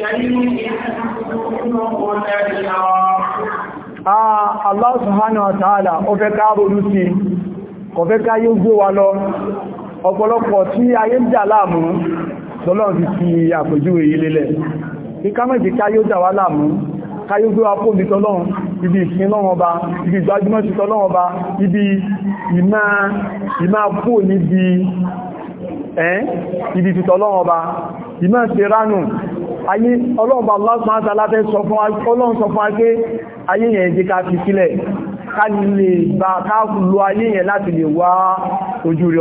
Ah, Allah subhanahu wa ta'ala ó fẹ́ ká ronú sí kò fẹ́ ká yóò gbó wa lọ ọ̀pọ̀lọpọ̀ tí ayé ń jà láàmú lọ́lọ́run ti fi àpèjúwe yìí lélẹ̀ kí ká mẹ́jì ká yóò jà wá láàmú ká yóò gbé wa kó bí ibi ìsìn lọ́wọ́ ba ibi ìgbájúmọ́ ti tọ́lọ́run ba ibi ìmá kó níbi ẹ́n eh? ibi ìfìtọ̀ ranu. Ayi ìmọ̀ ṣe ránù ayé ọlọ́run ọba lásánátà sọ fún ayé yẹn jẹ́ ká fi sílẹ̀ ká lè bá ká lo ayé yẹn láti lè wá ojú rí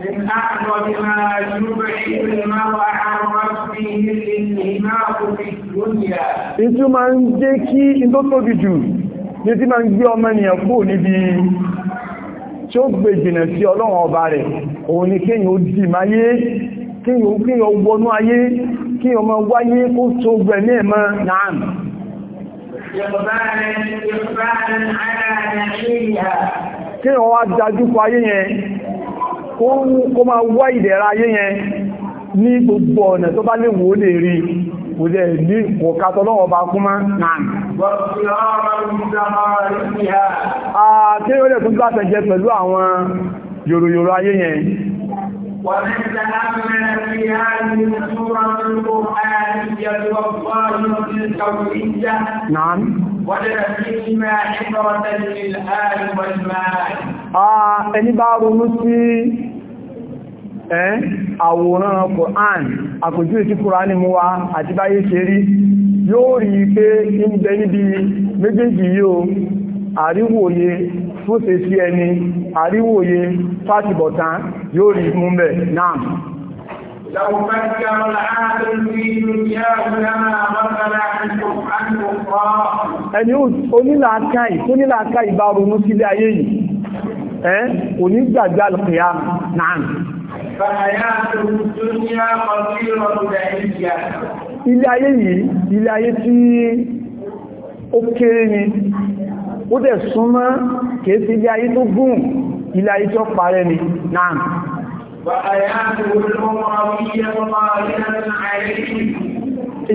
من أعظم ما يبعد المرء عن ربه الانهماك في الدنيا. Ìtú máa ń jẹ́ kí ní tí máa ń gbé ọmọ ènìyàn kú níbi tí ó gbé jìnà sí ọlọ́run ọba rẹ̀, òun ni kéyìn ó dì máa yé, ó wọnú ayé, ọmọ wáyé ó tó kó máa wá ìdẹ̀ra ayé yẹn ní gbogbo ọ̀nà tó bá lè wò ó lè rí kò jẹ́ ní ọ̀kátọ́ ah, lọ́wọ́ bá kún máa náà àti ó lè tún gbá tẹ́jẹ pẹ̀lú àwọn yòròyòrò ayé yẹn ونزلنا فيها من سورة القرآنية والظاهرة الكونية نعم وجد فيهما عبرة للآل والمال آه ẹni bá ronú sí àwòrán Kùrán, àpòjú ìtí Kùránì mú wa àti báyé ṣe rí, yóò rí pé ń bẹ níbi méjèèjì yóò àríwòye fúnṣe sí ẹni àríwòye fátibọ̀tán yóò rí bẹ̀ náà ẹni onílàákàí tó nílàákàí bá ronú sílé ayé yìí ẹ́ onígbàgbà náà ilé ayé yìí ilé ayé tí ó kéré ó dẹ̀ súnmọ́ kìí sí ilé ayé tó gùn ilé ayé tó parẹ́ ni náà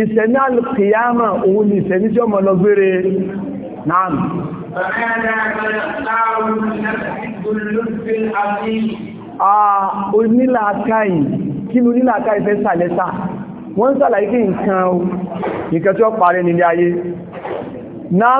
ìsẹ̀ní alìkìyàmà òun ni ìsẹ̀ní tí ọmọ lọ gbére náà onílàákàí kí ló nílàákàí fẹ́ sàlẹ́sà wọ́n sàlàyé kí nǹkan o nǹkan tí ó parẹ́ nílé ayé náà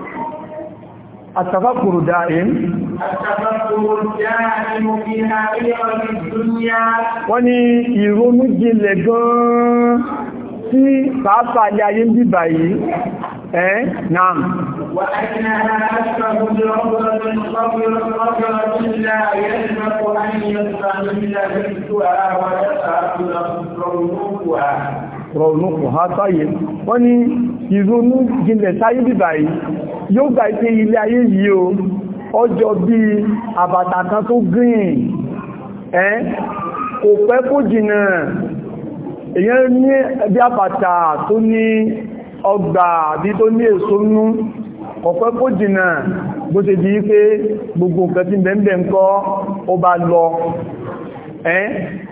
التفكر دائم التفكر دائم في حقيقة الدنيا wani ìrònú jinlẹ̀ gan-an sí pàápàá ilé ayé ń bí báyìí ẹ́ náà wà rọrùnukù ha sáyé wọ́n ní ìrònú jinlẹ̀ sáyé bíbà yìí yóò gbà pé ilé ayé yìí o ọjọ́ bí àbàtà kan tó green ẹ́ kò pẹ́ kó jìnà èyàn ní ẹbí àbàtà tó ní ọgbà bí tó ní èso nú kò pẹ́ kó jìnà bó ṣe di pé gbogbo nǹkan tí bẹ̀m̀bẹ̀ ń kọ́ ó lọ ẹ́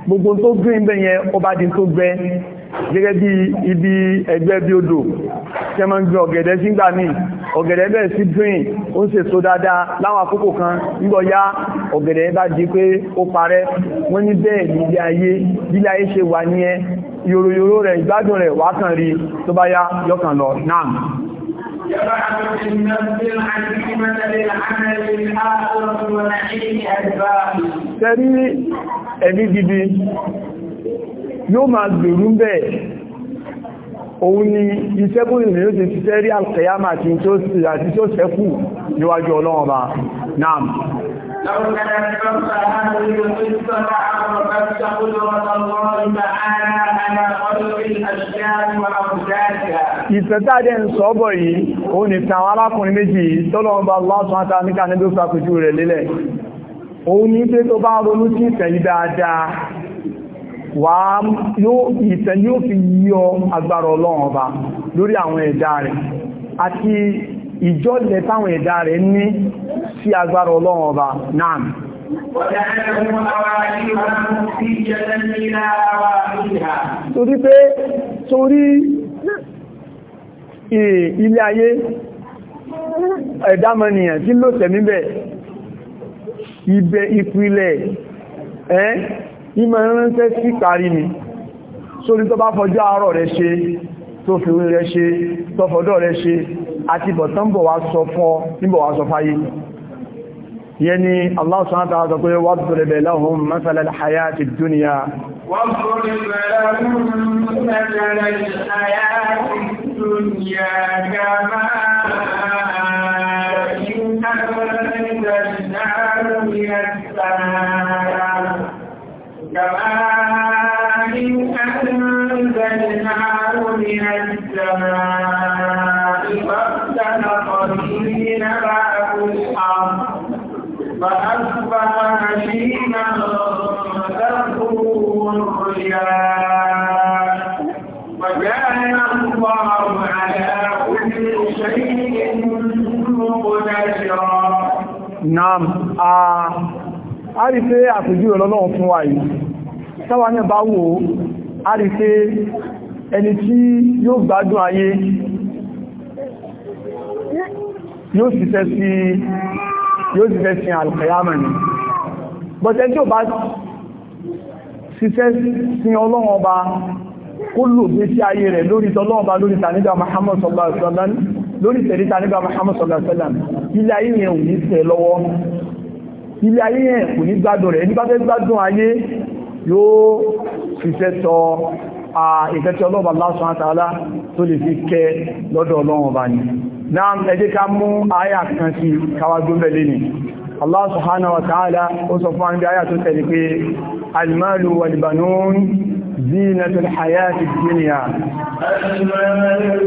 gbogbo tó green bẹ̀yẹn ó di tó gbẹ́ gẹ́gẹ́ bí ibi ẹgbẹ́ bí odò tí a máa ń gbé ọ̀gẹ̀dẹ̀ sí gbà míì ọ̀gẹ̀dẹ̀ bẹ̀rẹ̀ sí green ó ń ṣe so dáadáa láwọn àkókò kan nígbọ̀ yá ọ̀gẹ̀dẹ̀ bá di pé ó parẹ́ wọ́n ní bẹ́ẹ̀ ní ilé ayé bí ilé ayé ṣe wà ní ẹ yòròyòrò rẹ̀ ìgbádùn rẹ̀ wà kàn rí tó bá yá yọkàn lọ náà Tẹ́rí ẹ̀mí gidi yóò máa gbèrú ń bẹ́ẹ̀ òun ni iṣẹ́ bó ìrìn ló ti ṣiṣẹ́ rí alkayama àti tí ó ṣẹ́kù níwájú ọlọ́run ọba náà لو ń sọ yìí, ó ní tàn alákùnrin méjì tọ́lọ́wọ́n bá Allah Ta'ala ní ká nílò sàkójú rẹ̀ lélẹ̀. Òun ní pé tó bá ronú sí ìtẹ̀yí dáadáa, wà ìtẹ̀ yóò fi yíọ agbára ọlọ́run ọba lórí àwọn ẹ̀dá rẹ̀ àti ìjọ́lẹ̀ táwọn ẹ̀dá rẹ̀ ní sí agbára ọlọ́run ọba náà torí pé torí ilé ayé ẹ̀dámọ́nìyàn tí ló tẹ̀mí bẹ̀ ibẹ̀ ìpìlẹ̀ ẹ́ ní ma ránṣẹ́ sí parí ni sórí tó bá fọjọ́ àárọ̀ rẹ ṣe tó fi orí rẹ ṣe tó fọdọ́ rẹ ṣe àti bọ̀tán bọ̀ wá sọ Allah subhanahu wa ta'ala sọ pé al dunya الْحَيَاةِ الدُّنْيَا كَمَاءٍ a rí pé àpèjú ọlọ́run fún wa yìí sáwà náà bá wò a rí pé ẹni tí yóò gbádùn ayé yóò sì fẹ́ sí yóò sì fẹ́ sí alùkẹ̀yàmọ̀ ni bọ́tẹ́ tí ó bá ṣiṣẹ́ sí ọlọ́run ọba kó lò bí sí ayé rẹ̀ lórí tọ́lọ́run ọba lórí tànígbà Muhammad sallallahu alaihi wasallam lórí tẹ̀lé tànígbà Muhammad sallallahu ilé ayé yẹn kò ní gbádùn rẹ̀ nígbàtẹ́ gbádùn ayé yóò fìfẹ́ tọ ìfẹ́ tí ọlọ́ọ̀bà lásán àtàlá tó lè fi kẹ lọ́dọ̀ ọlọ́run bá ní náà ẹjẹ́ ká mú àyà kan sí káwàgbóbẹ̀lẹ́ Allah subhanahu wa ta'ala ó sọ fún àwọn àyà tó tẹ̀lé pé al-malu wal-banun zinatul hayati dunya al-malu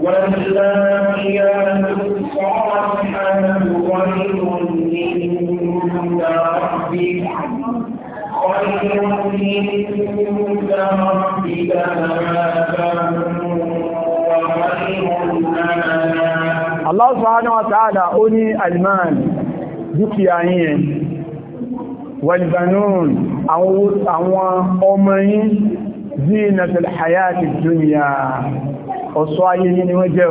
والباقيات الصالحات خير عند ربك خير عند ربك Allah subhanahu wa ta'ala ó ní alman dúkìá yín wal-banun àwọn ọmọ yín zinatul hayati dunya ọ̀ṣọ́ ayé ni wọ́n jẹ́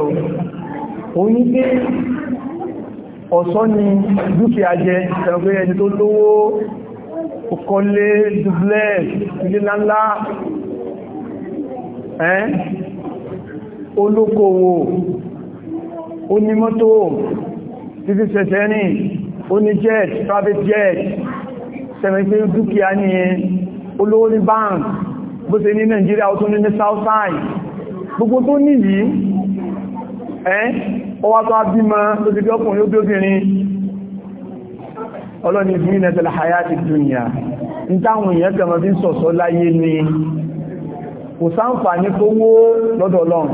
o ní pé ọ̀ṣọ́ ni dúkìá jẹ́ ẹgbẹ́ ẹni tó lówó ọkọ̀lé dúblẹ̀ ilé lánlá ẹ́n olókòwò onímọ́tò títí ṣẹ̀ṣẹ̀ ní oníjet private jet sẹ̀mẹ̀gbẹ́ dúkìá ní olówó ní bank bó ṣe ní Nàìjíríà ó tún ní ní south side gbogbo tó ní yìí ẹ́ ọwá tó abímọ tó ti bí ọkùnrin ó bí obìnrin ọlọ́ni ìbìnrin ẹ̀tẹ̀lẹ̀ hayati dunya ń táwọn èèyàn kẹmọ bí sọ̀sọ́ láyé ni kò sáǹfà ní tó wó lọ́dọ̀ ọlọ́run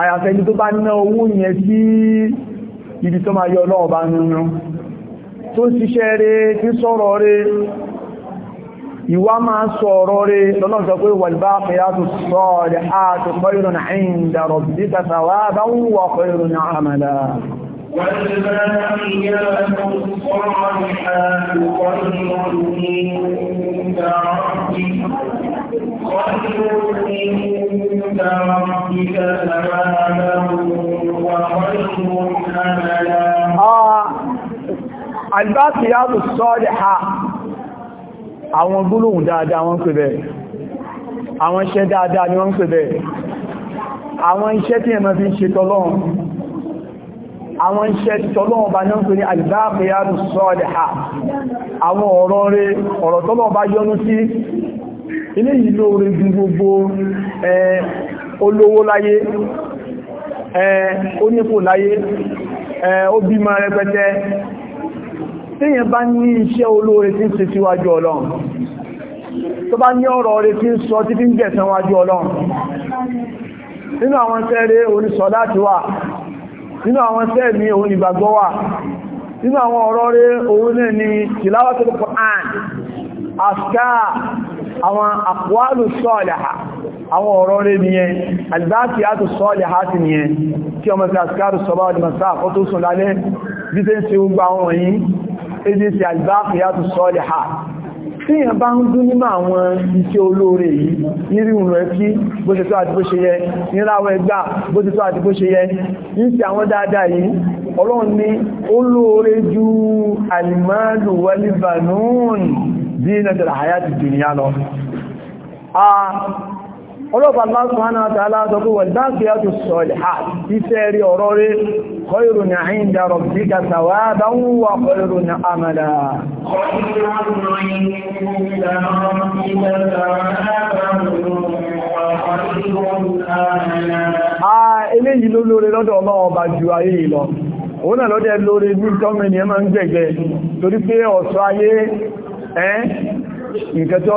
àyàfẹ́ ní tó bá ná owó yẹn sí ibi tó máa yọ ọlọ́ọ̀bá nínú tó ń ṣiṣẹ́ rẹ̀ tí sọ̀rọ̀ ìwá máa sọ ọ̀rọ̀ rẹ̀ lọ́lọ́n sọ pé wàlbá pẹ̀yàtù sọ́ọ̀lẹ̀ àti kọ́ìrùn àìyàn dàrọ̀ bí kàtàwà bá ń wà kọ́ìrùn àmàlà Àlbá kìí yàtò sọ́ọ̀lẹ̀ àà àwọn gbólóhùn dáadáa wọ́n ń pè bẹ́ẹ̀ àwọn iṣẹ́ dáadáa ni wọ́n ń pè bẹ́ẹ̀ àwọn iṣẹ́ tí ẹmọ fi ń ṣe tọ́lọ́run àwọn iṣẹ́ tí tọ́lọ́run bá ní ń pè ní àdìbáàpẹ̀yàrù sọ́ọ̀dẹ̀ha àwọn ọ̀rọ̀ rẹ̀ ọ̀rọ̀ tọ́lọ́run bá yọ́nú sí ilé yìí lóore ju téèyàn bá ní iṣẹ́ olóore tí ń ṣe síwájú ọlọ́run tó bá ní ọ̀rọ̀ rẹ̀ tí ń sọ tí fi ń gẹ̀sán wájú ọlọ́run nínú àwọn sẹ́rẹ̀ oníṣọ́ láti wà nínú àwọn sẹ́ẹ̀mí òun ìgbàgbọ́ wà nínú àwọn ọ̀rọ̀ rẹ̀ òun náà ni tìláwàtàlù Qur'an àṣíká àwọn àpòálù sọ́ọ̀lẹ̀há àwọn ọ̀rọ̀ rẹ̀ nìyẹn àdìbáàkì àtò sọ́ọ̀lẹ̀há ti nìyẹn kí ọmọ sí àṣíkárù sọ́bá ọdún masá àkótó bí tẹ́ ń ṣe gbogbo àwọn wọ̀nyí èdè sí albaqiyatu salihat tí èyàn bá ń dún nímọ̀ àwọn iṣẹ́ olóore yìí nírí ìrùn ẹ̀kí bó ṣe tó àti bó ṣe yẹ níláwọ̀ ẹgbà bó ṣe tó àti bó ṣe yẹ ní ti àwọn dáadáa yìí ọlọ́run ní olóore ju al-malu ọlọ́pàá Allah subhanahu wa ta'ala sọ pé wal baqiyatu salihat iṣẹ́ rí ọ̀rọ̀ rí khayrun 'inda rabbika thawaban wa khayrun amala eléyìí ló lóore lọ́dọ̀ ọlọ́wọ́ bá ju ayé yìí lọ òun náà lọ́dẹ̀ lóore ní tọ́mọ̀ ènìyàn máa ń gbẹ̀gbẹ̀ torí pé ọ̀ṣọ́ ayé ẹ́ nǹkan tí ó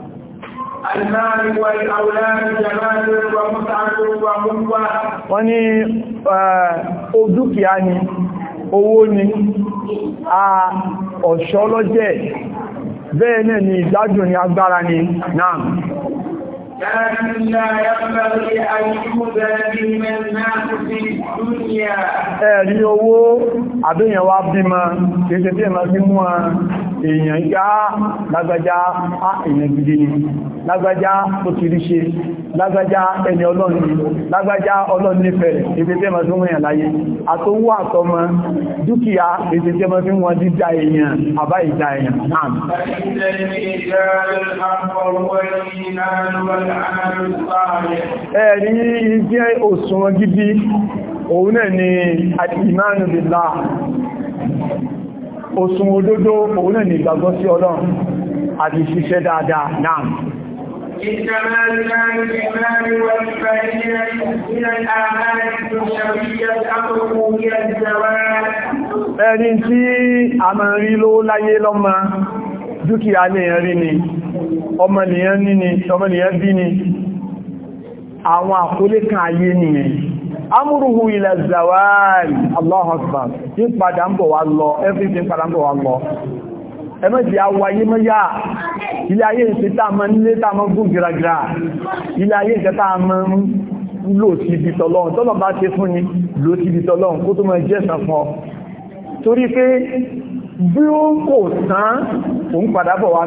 المال والأولاد جمال ومتعة wọ́n ní dúkìá ni owó ni a ọ̀ṣọ́ lọ́jẹ́ bẹ́ẹ̀ náà ni ìdájò ni agbára ni náà Ẹ̀rí owó àbíyànwá bímọ, kìí ṣe bí ẹ̀mọ́ bí mú ọ èèyàn yá lágbàjá èèyàn gidi ni lágbàjá tó ti rí ṣe lágbàjá ẹni ọlọ́ni lágbàjá ọlọ́ni nífẹ̀ẹ́ ìfẹ́fẹ́ mọ́ sí wọ́n yàn láyé àtówó àtọmọ dúkìá ìfẹ́fẹ́ mọ́ sí wọ́n dídá èèyàn àbá ìdá èèyàn ẹ̀rí ìjẹ́ òṣùwọ̀n gidi òun náà ni àti ìmánu billah òsùn òdodo òun náà ní ìgbàgbọ́ sí ọlọ́run àti ṣiṣẹ́ dáadáa náà إنما الإيمان بالمال والبنية من الأعمال الدنيوية الأمر هي الزواج ẹni tí a máa rí ló láyé lọ́mọ dúkìá ní ẹ̀rí ni ọmọnìyàn ní bí ni àwọn àkólé kan ayé nìyẹn amúrùhù ilẹ̀ zawari Allahu Akbar tí padà ń bọ̀ wá lọ everything padà ń bọ̀ wá lọ ẹmẹ́sì awọ ayé mẹ́yà ilé ayé ìṣẹ́ tààmà nílé tààmà gùn gìràgìrà ilé ayé ìṣẹ́ tààmà lò sí ibi tọ́lọ́run tọ́lọ̀ bá lò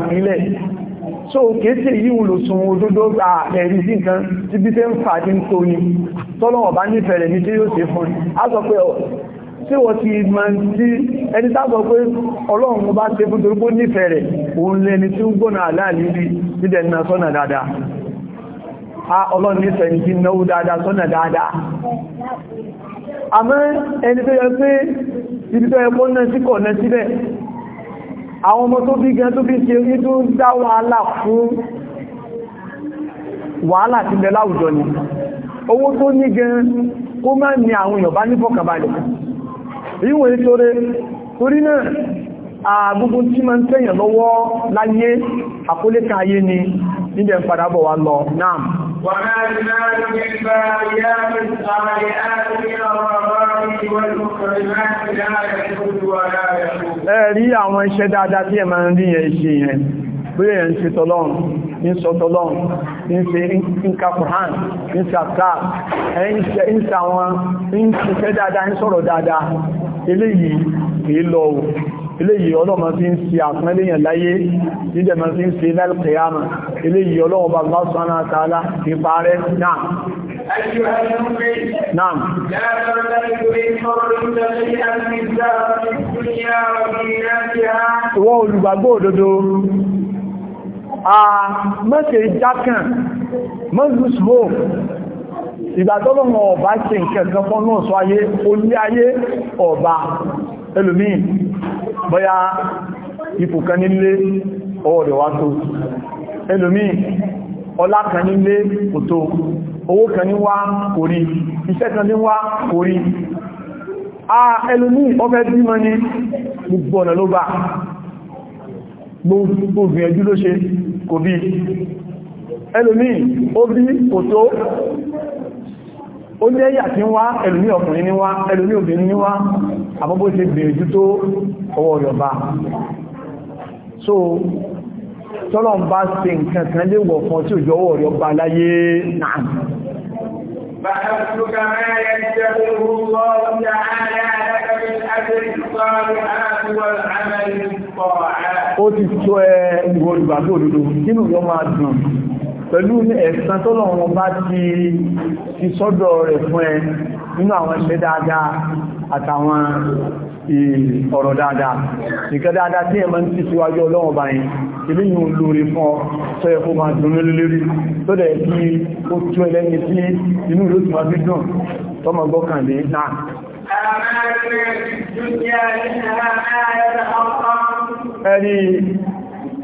so kéèsè yíò lò sun òdòdó ẹ̀rí sí nǹkan tí bí tẹ́ ń fà tí tó ní ní tí yóò ṣe fún a sọ pé tí wọ́n ti mọ̀ tí ẹni tábọ̀ pé ọlọ́run bá ṣe fún torípó nífẹ̀ẹ́ òun lẹni tí ó gbọ́nà sọ́nà dáadáa a ọlọ́run nífẹ̀ẹ́ ní náwó dáadáa sọ́nà dáadáa àmọ́ ẹni tó yẹ pé ibi tó yẹ àwọn ọmọ tó bí gan tó bí ṣe rí tó ń dá wàhálà fún wàhálà ti lẹ láwùjọ ni owó tó ní gan kó má ní àwọn èèyàn bá ní fọkànbalẹ̀ àgbogbo tí ma ń tẹ́yàn lọ́wọ́ láyé àkólékà ayé ni níbẹ̀ ń padà bọ̀ wá lọ náà ẹ̀rí àwọn iṣẹ́ dáadáa tí ẹ máa ń rí yẹn ṣe yẹn bí èyàn ṣe tọ́lọ́run ní sọ ní ṣe ǹkà ní ṣàkà ẹ̀yìn ṣe àwọn ìṣẹ́ dáadáa ń sọ̀rọ̀ dáadáa eléyìí èé lọ́wọ́ eléyìí ọlọ́mọ tí ń ṣe àpẹẹlẹ́yàn láyé nídẹ̀mọ̀ tí ń ṣe lálùkìyàmà eléyìí ọlọ́wọ́ bá bá sọ́nà tààlá ipa rẹ̀ náà نعم لا ترتكب الفرد شيئا في الدار الدنيا وزينتها ìwọ olùgbàgbọ́ òdodo àà mọ́sẹ̀ jákàn mọ́sùsùmọ́ ìgbàtọ́lọ́mọ̀ ọ̀bá ṣe nǹkan kan fọ́nà ọ̀sọ́ ayé olú ayé ọ̀bá ẹlòmí bọ́yá ipò kan nílé ọwọ́ rẹ̀ wá tó ẹlòmí ọlá kan nílé kò tó owó kan ní wá kò rí iṣẹ́ kan ní wá kò rí a ẹlòmí ọfẹ́ bímọ ní gbogbo ọ̀nà ló bá gbogbo ìgbìyànjú ló ṣe ó elu yà tí wá ẹlùmí ọkùnrin ní wá ẹlùmí obìnrin ní wá àbọ́bọ́ ṣe gbìyànjú tó ọwọ́ yọba so tọ́lọ̀ ń bá ṣe nǹkan kan lè wọ̀ fún tí ò jọwọ́ yọba láyé náà ó ti tó ẹ ìwọ̀n ìgbàgbò òdòdó nínú yọ máa dùn pẹ̀lú ẹ̀sán tó lọ wọn bá ti ti sọ́dọ̀ rẹ̀ fún ẹ nínú àwọn iṣẹ́ dáadáa àtàwọn ọ̀rọ̀ dáadáa nìkan dáadáa tí ẹmọ ti síwájú ọlọ́wọ̀n báyìí ilé yìí ń lórí fún ọ tó yẹ kó máa dùn lórí tó dẹ̀ kí ó tú ẹlẹ́ni tí inú ìlú ti máa fi dùn tọ́mọ gbọ́kànlé náà ẹni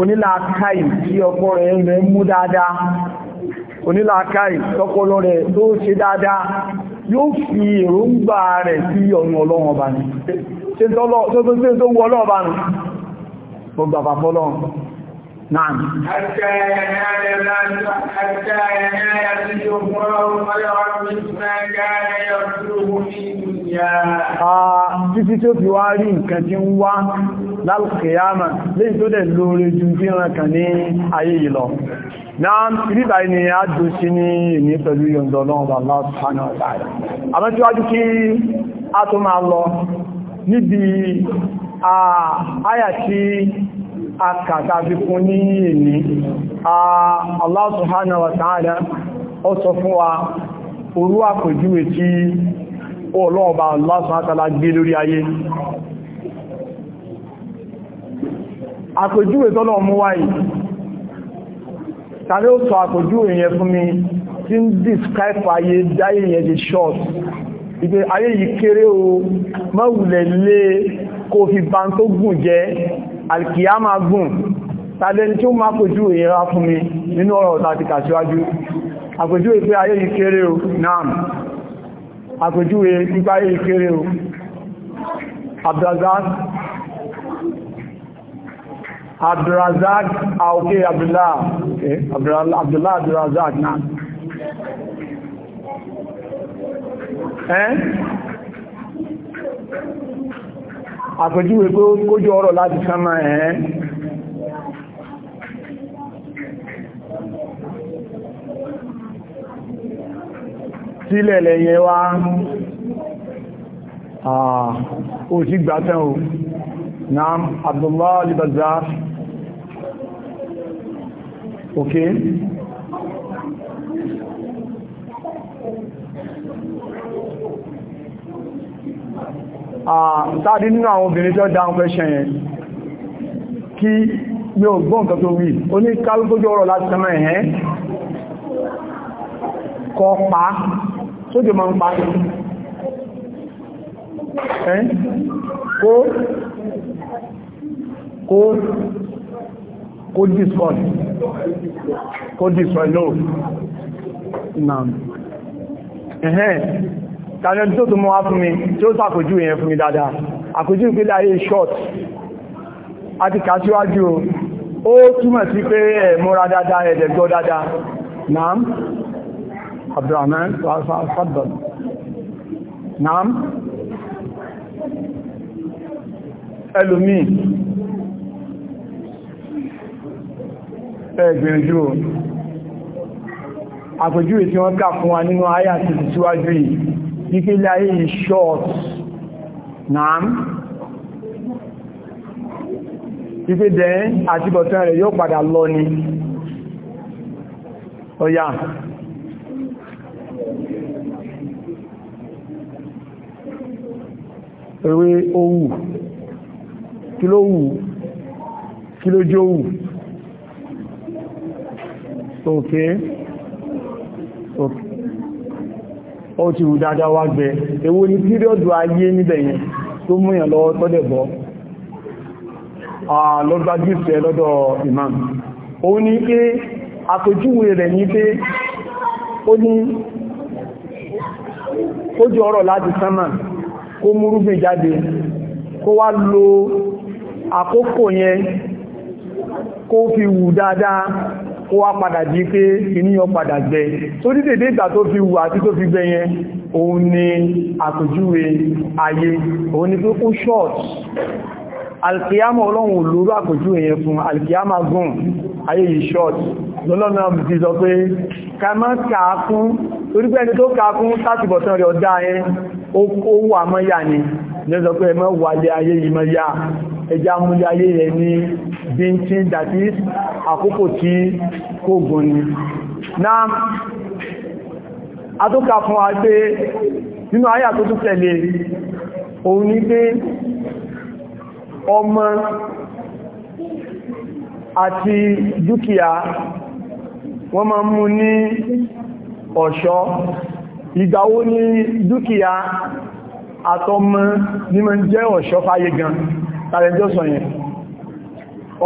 onílàákàì tí ọkọ rẹ̀ rẹ̀ mú dáadáa onílàákàì tọ́pọlọ rẹ̀ tó ṣe dáadáa yóò fi èròǹgbà rẹ̀ sí ọ̀nà ọlọ́run ọba ni نعم حتى ينال حتى ينال الكفار خيرا مما كان يرجوه في الدنيا títí tó fi wá rí nǹkan tí ń wá lálùkìyàmà léyìn tó dẹ̀ lóore ju bí wọn kàn ní ayé yìí lọ náà ríbà ní àjòsí ní ìní pẹ̀lú yọ̀ndọ̀ lọ́wọ́ akàtàbí fún ní èmì Allah subhanahu wa ta'ala ó sọ fún wa orú àpèjúwe tí ọlọ́ọ̀bá Allah gbé lórí ayé àpèjúwe tọ́lọ̀ mú wáyìí tàbí ó sọ àpèjúwe yẹn fún mi tí ń skype ayé dáyé yẹn di short ìgbé ayé yìí kéré o mọ́wùlẹ̀ lé kò fi bá ń tó gùn alkiyama gùn tàbí tí ó máa kojú ìyẹra fún mi nínú ọ̀rọ̀ ọ̀tà ti kàṣíwájú àkojú ìpé ayé ìkéré o náà àkojú ìpé ayé ìkéré o Abdulrazak Abdulrazak àókè ah, Abdullah Abdullah Abdulrazak náà ẹ́ eh? àpèjúwe pé ó jọ ọ̀rọ̀ láti sánmà ẹ̀ẹ́ sílẹ̀ lẹ́yẹ wá ah, ó sì gbátán o naam Abdullah al-Bazzar okay Ah, tàbí nínú àwọn obìnrin tó dáhùn question yẹn kí mi ò gbọ́ nǹkan tó wí o ní kálùkójú ọ̀rọ̀ láti sẹ́mọ̀ ẹ̀hẹ́ kọ pa sójò ma ń pa ẹ́ kó kó kó tàbí ẹni tó tún mọ́ wá fún mi tí ó sàkójú èèyàn fún mi dáadáa àkójú ìpínlẹ̀ ayé short àti kàṣíwájú ó túmọ̀ sí pé ẹ̀ múra dáadáa ẹ̀dẹ̀ gbọ́ dáadáa naam abdulrahman fadbal naam ẹlòmíì ẹgbìyànjú àpèjúwe tí wọ́n kà fún wa nínú ayà ti síwájú yìí wípé láyé short náà wípé dẹ̀ àti bọ̀tán rẹ̀ yóò padà lọ ni ọya ewé owó kí ló wù kí ló jó wù ok ok ó ti rù dáadáa wá gbẹ èwo ni píríọ̀dù ayé níbẹ̀ yẹn tó múyàn lọ tọ́dẹ̀ bọ́ lọ́gbà gífẹ́ lọ́dọ̀ imam ó ní pé àpèjúwe rẹ̀ ní pé ó ní ó jẹ́ láti sánmà kó múrúgbìn jáde kó wá lo àkókò yẹn kó fi wù dáadáa kó wá padà di pé iníyàn padà gbẹ tó ní dédé ìgbà tó fi wà àti tó fi gbẹ yẹn òun ni àpèjúwe ayé òun ni pé ó short alkiyama ọlọ́run olóró àpèjúwe yẹn fún alkiyama gùn ayé yìí short lọ́lọ́nà ti sọ pé ká má kàákún torípẹ́ni tó kàákún tátìbọ̀tán rẹ̀ ọ̀dá ó wà mọ́yà ni lẹ́sọ pé ẹmọ́ wàlẹ̀ ayé ìmọ̀ ya ẹjá múlẹ̀ ayé yẹ ní bíntín that is àkókò tí kò gùn ni náà atúkà fún wa pé nínú ayé àtútù tẹ̀lé òun ní pé ọmọ àti dúkìá wọ́n máa mú ní ọ̀ṣọ́ ìgbàwó ní dúkìá àtọmọ ní mọ́ jẹ́ ọ̀ṣọ́ fáyé gan tàrẹjọ́sọ yẹn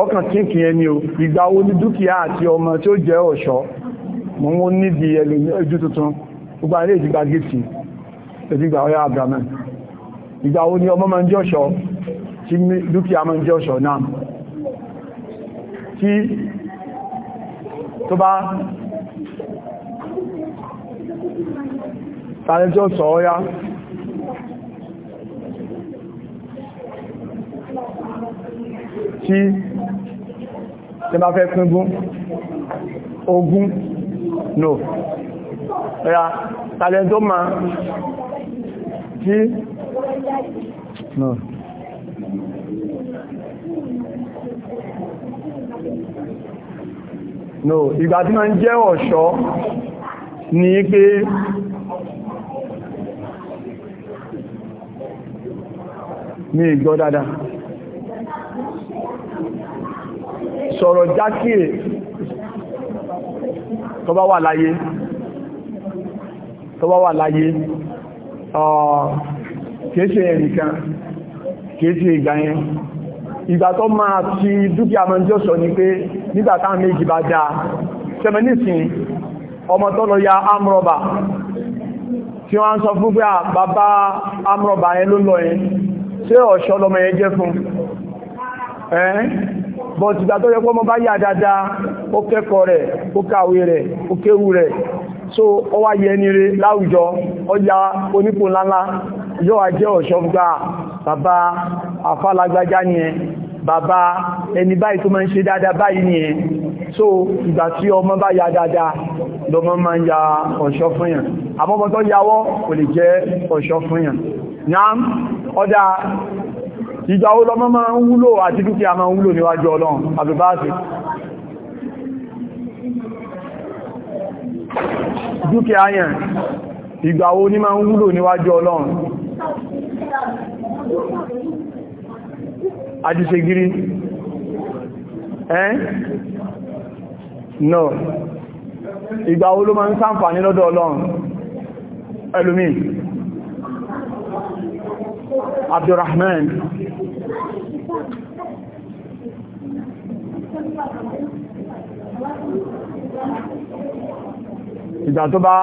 ọkàn kíǹkì yẹn ni o ìgbà wo ní dúkìá àti ọmọ tí ó jẹ́ ọ̀ṣọ́ mọ́ wọ́n nídi ẹlòjú tuntun gbogbo àrẹ ìdígbà gíìtì ìdígbà ọyá abrahamu ìgbà wo ni ọmọ máa ń jẹ́ ọ̀ṣọ́ tí dúkìá máa ń jẹ́ ọ̀ṣọ́ náà tí tó bá tàrẹjọ́sọ tí tí ma fẹ́ píngún ogún no ẹ̀yà tàlẹ̀ tó ma tí no no ìgbà tí ma ń jẹ́ ọ̀ṣọ́ ní pé ní ìgbọ́ dáadáa sọ̀rọ̀ jákìrì tó bá wà láyé tó bá wà láyé kìí ṣe ẹnìkan kìí ṣe ìgbà yẹn ìgbà tó máa ti dúkìá mọ́ tí ó sọ ní pé nígbàtá méjì bá dáa ṣẹmẹ́ nìsìn ọmọ tó lọ ya amrọba tí wọ́n sọ fún pé bàbá amrọba yẹn ló lọ yẹn ṣé ọ̀ṣọ́ lọmọ jẹ́ fún ẹ́ bọ̀ tìgbà tó yẹ kó mọ́ bá yà dáadáa ó kẹ́kọ̀ọ́ rẹ̀ ó kàwé rẹ̀ ó kéwú rẹ̀ so ó wá yẹ ní rẹ̀ láwùjọ ọjà onípò ńláńlá yóò wá jẹ́ ọ̀ṣọ́ gbà bàbá àfálágbájá ni ẹ bàbá ẹni báyìí tó máa ń ṣe dáadáa báyìí ni ẹ so ìgbà tí ọmọ bá ya dáadáa lọmọ máa ń ya ọ̀ṣọ́ fún yàn àmọ́mọ́ tó yawọ́ kò lè jẹ́ ọ̀ṣọ́ fún yàn náà ọdá ìgbà ó lọ́mọ́ máa ń wúlò àti dúkìá máa ń wúlò níwájú ọlọ́run àbúbáàsì dúkìá yẹn ìgbà ó ní máa ń wúlò níwájú ọlọ́run àdìṣegiri ẹ́n no ìgbà ó ló máa ń ṣàǹfààní lọ́dọ̀ ọlọ́run ẹlòmíì Abdurrahman ìgbà tó bá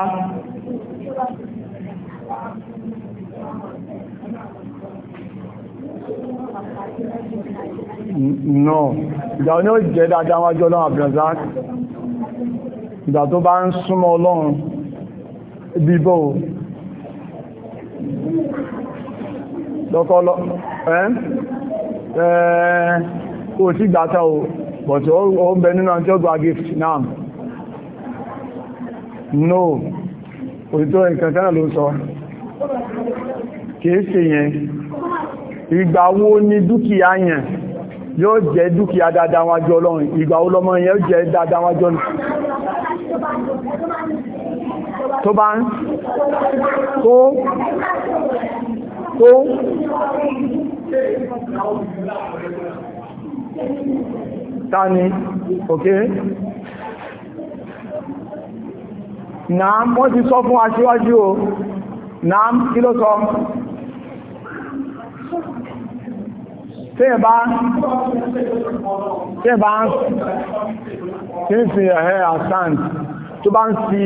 no ìgbà ní ó jẹ́ dáadáa wájú ọlọ́run Abdulrazak ìgbà tó bá ń súnmọ́ ọlọ́run bíbọ̀ lọ́kọ́lọ́ kò sí gbàtà o but o ń bẹ nínú àti ọgbà gift náà no òtítọ́ nǹkan kan ló sọ kìí ṣe yẹn ìgbà wo ni dúkìá yẹn yóò jẹ́ dúkìá dáadáa wájú ọlọ́run ìgbà wo lọ́mọ yẹn yóò jẹ́ dáadáa wájú ọlọ́run tó bá ń tó tó tani òkè náà wọ́n ti sọ fún aṣíwájú o náà kí ló sọ tẹ́ẹ̀bá tẹ́ẹ̀bá tí ń fi ẹ̀hẹ́ àsáǹd tó bá ń fi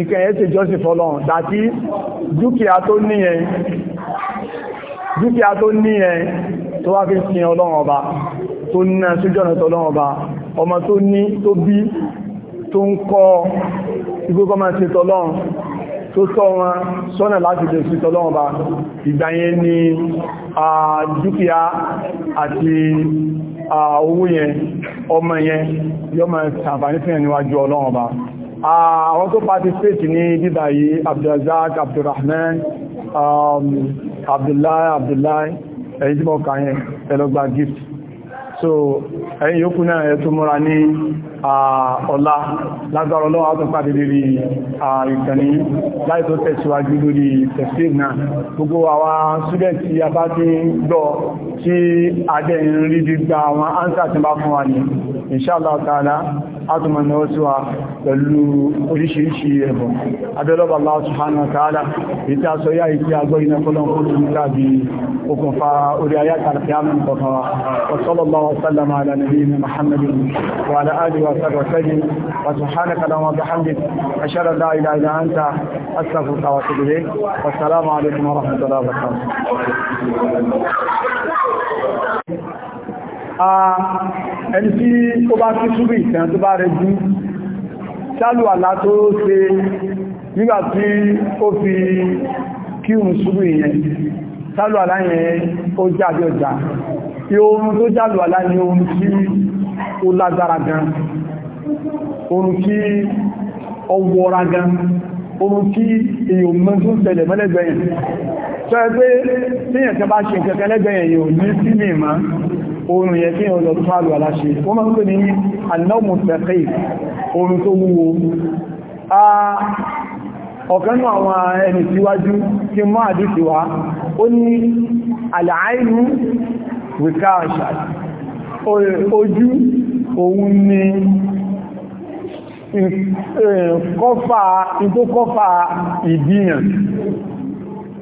ìkẹ̀ẹ́ tẹ́jọ́sí fọ́lọ́n dàtí dúkìá tó níyẹn dúkìá tó ní ẹ tó wá fi sin ọlọ́run ọba tó ná sójọ́nà tọ́lọ́run ọba ọmọ tó ní tó bí tó ń kọ́ ìgbókọ́ máa ṣe tọ́lọ́run tó tọ́ wọn sọ́nà láti jẹ sí tọ́lọ́run ọba ìgbàyẹn ni dúkìá àti owó yẹn ọmọ yẹn yọ máa ṣàǹfààní fún ẹ̀ níwájú ọlọ́run ọba àwọn tó participate ní bíbà yìí Abdulrazak Abdulrahman Um, Abdullahi Abdullahi ẹ̀yìn tí mọ́ kà yẹn gift so ẹ̀yìn yóò kú náà ẹ̀tún múra ní ọ̀la lágbàrá ọlọ́wọ́ tó pàdé lórí ìtàní láì tó tẹ̀síwájú lórí tẹ̀síf náà gbogbo àwa súdẹ̀tì abá ti gbọ́ tí adẹ́ rí gbígba àwọn ánsà tí bá fún wa ní inshallah ta'ala átùmọ̀ náà sí wa pẹ̀lú oríṣiríṣi ẹ̀bùn abẹ́lọ́bà Allah وسلم على نبينا محمد وعلى آله وصحبه وسلم وسبحانك اللهم وبحمدك أشهد أن لا إله إلا أنت أستغفرك وأتوب إليك والسلام عليكم ورحمة الله وبركاته ẹni tí ó bá kí súbì ìtàn tó bá rẹ̀ jú ṣálù àlá tó ṣe nígbàtí ó fi kírùn súbì yẹn ṣálù àlá yẹn ó jáde ọjà tí oorun tó jàlù àlá ni oorun tí ó lágbára gan oorun tí ó wọra gan oorun tí èyàn mọ́ tó tẹ̀lẹ̀ mẹ́lẹ́gbẹ̀yìn tó ẹ pé tí èyàn kan bá ṣe nǹkan kẹlẹ́gbẹ̀yìn yóò ní sí mi mọ́ oorun yẹ kí èyàn lọ tó àlù àlá ṣe wọ́n máa ń pè ní anọ́mù tẹ̀kẹ́ oorun tó wúwo ọ̀kanú àwọn ẹni síwájú kí mọ́ àdúsíwá ó ní àlàáìnú wíkáàṣà ojú òun ni eh, kọfà tó kọfà ìdíyàn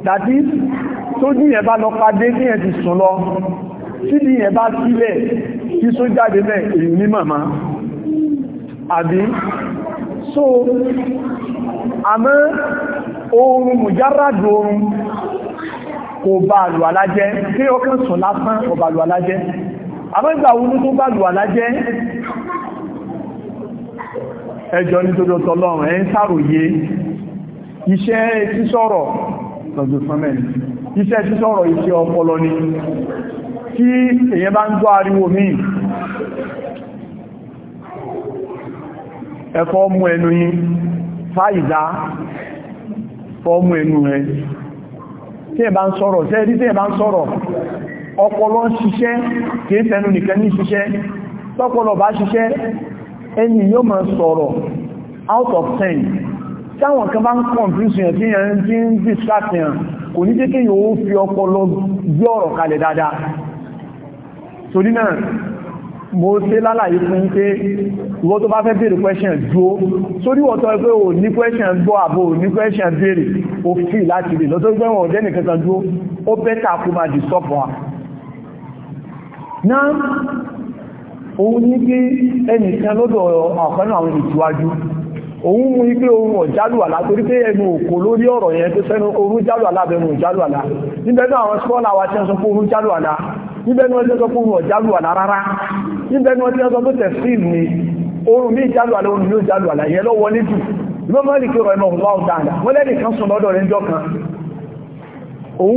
dàbí sójú yẹn bá lọ padé ní ẹ̀ ti sùn lọ tí ní ẹ̀ bá sílẹ̀ tí só jáde mẹ́ èyí ní màmá àbí so àmọ́ oorun mùjáràdù oorun kò bá àlùwàlá jẹ́ kí ó kàn sùn lásán kò bá àlùwàlá jẹ́ àmọ́ ìgbà wo ló tó bá àlùwàlá jẹ́ ẹjọ́ nítorí tọ́lọ́run ẹ̀ ń sàròyé iṣẹ́ sísọ̀rọ̀ lọ́dún sọ́mẹ́ni iṣẹ́ sísọ̀rọ̀ iṣẹ́ ọpọlọ ni tí èyẹ bá ń gbọ́ ariwo míì ẹ̀fọ́ mú ẹnu yín fáìdá fọ́ mú ẹnu rẹ̀ tí ẹ bá ń sọ̀rọ̀ tẹ́ rí tí ẹ bá ń sọ̀rọ̀ ọpọlọ ń ṣiṣẹ́ kìí tẹnu nìkan ní ṣiṣẹ́ tọ́pọlọ bá ṣiṣẹ́ ẹni yóò máa sọ̀rọ̀ out of ten táwọn kan bá ń confuse yàn tí yàn tí ń distract yàn kò ní jẹ́ kí yóò fi ọpọlọ gbé ọ̀rọ̀ kalẹ̀ mo ṣe lálàyé fún pé ìwọ́n tó bá fẹ́ bèèrè question dúó sórí wọ́tọ́ pé o ní question gbọ́ àbò o ní question bèèrè o fi láti lè lọ́tọ́ pé wọ́n jẹ́ nìkankan dúó ó bẹ́ta kó máa dì sọ́pọ̀ wa náà òun ní pé ẹnìkan lọ́dọ̀ ọ̀kan náà àwọn ìtìwájú òun mú ipé ohun ọ̀jálù àlá torí pé ẹnu òkò lórí ọ̀rọ̀ yẹn tó sẹ́nu orú jálù àlá bẹnu òjálù àlá níbẹ̀ náà àwọn skọ́lá wa tí sọ orú jálù àlá níbẹ̀ náà sọ orú ọ̀jálù àlá rárá níbẹ̀ náà tí wọ́n sọ pé tẹ̀síl ni orun jálù àlá orun jálù àlá yẹn lọ́wọ́ ní jù ìmọ̀ wọ́n lẹ́nì kan sùn lọ́dọ̀ rẹ̀ kan òun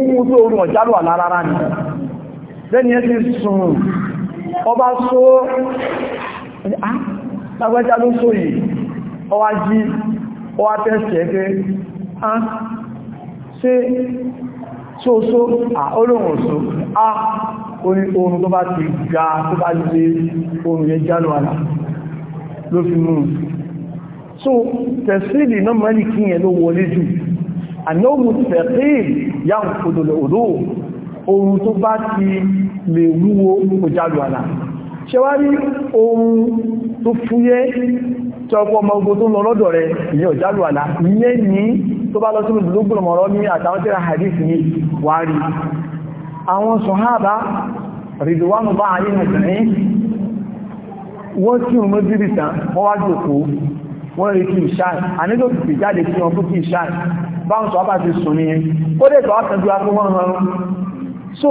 mú ọwá jí ọwá tẹ́sì ẹgbẹ́ á ah, ṣe sóòsó àólóhùn òsó á ah, orí oòrùn tó bá ti ga tó bá lè oòrùn yẹ jálọ àlà ló fi mú so tẹ̀sílì náà mẹ́lì kí yẹn ló wọlé jù ànáwò tẹ̀sílì yá òkúdòlò òdó oòrùn tó bá ti lè wúwo kò jálọ àlà ṣe wá rí oòrùn tó fúyẹ́ tọ́pọ̀ ọmọ ogun tó lọ lọ́dọ̀ rẹ̀ ìyẹn òjálù àlá ìyẹn ní tó bá lọ sí ìdúgbòmọ̀rọ̀ ní àtàwọn tẹ́ra hadith ní wárí àwọn sọ̀háàbá rìdíwánù bá ayé nìtìrín wọ́n tí o mọ́ bíbí tán wọ́n wá jòkó wọ́n rí kí ìṣáì ànílò ti jáde so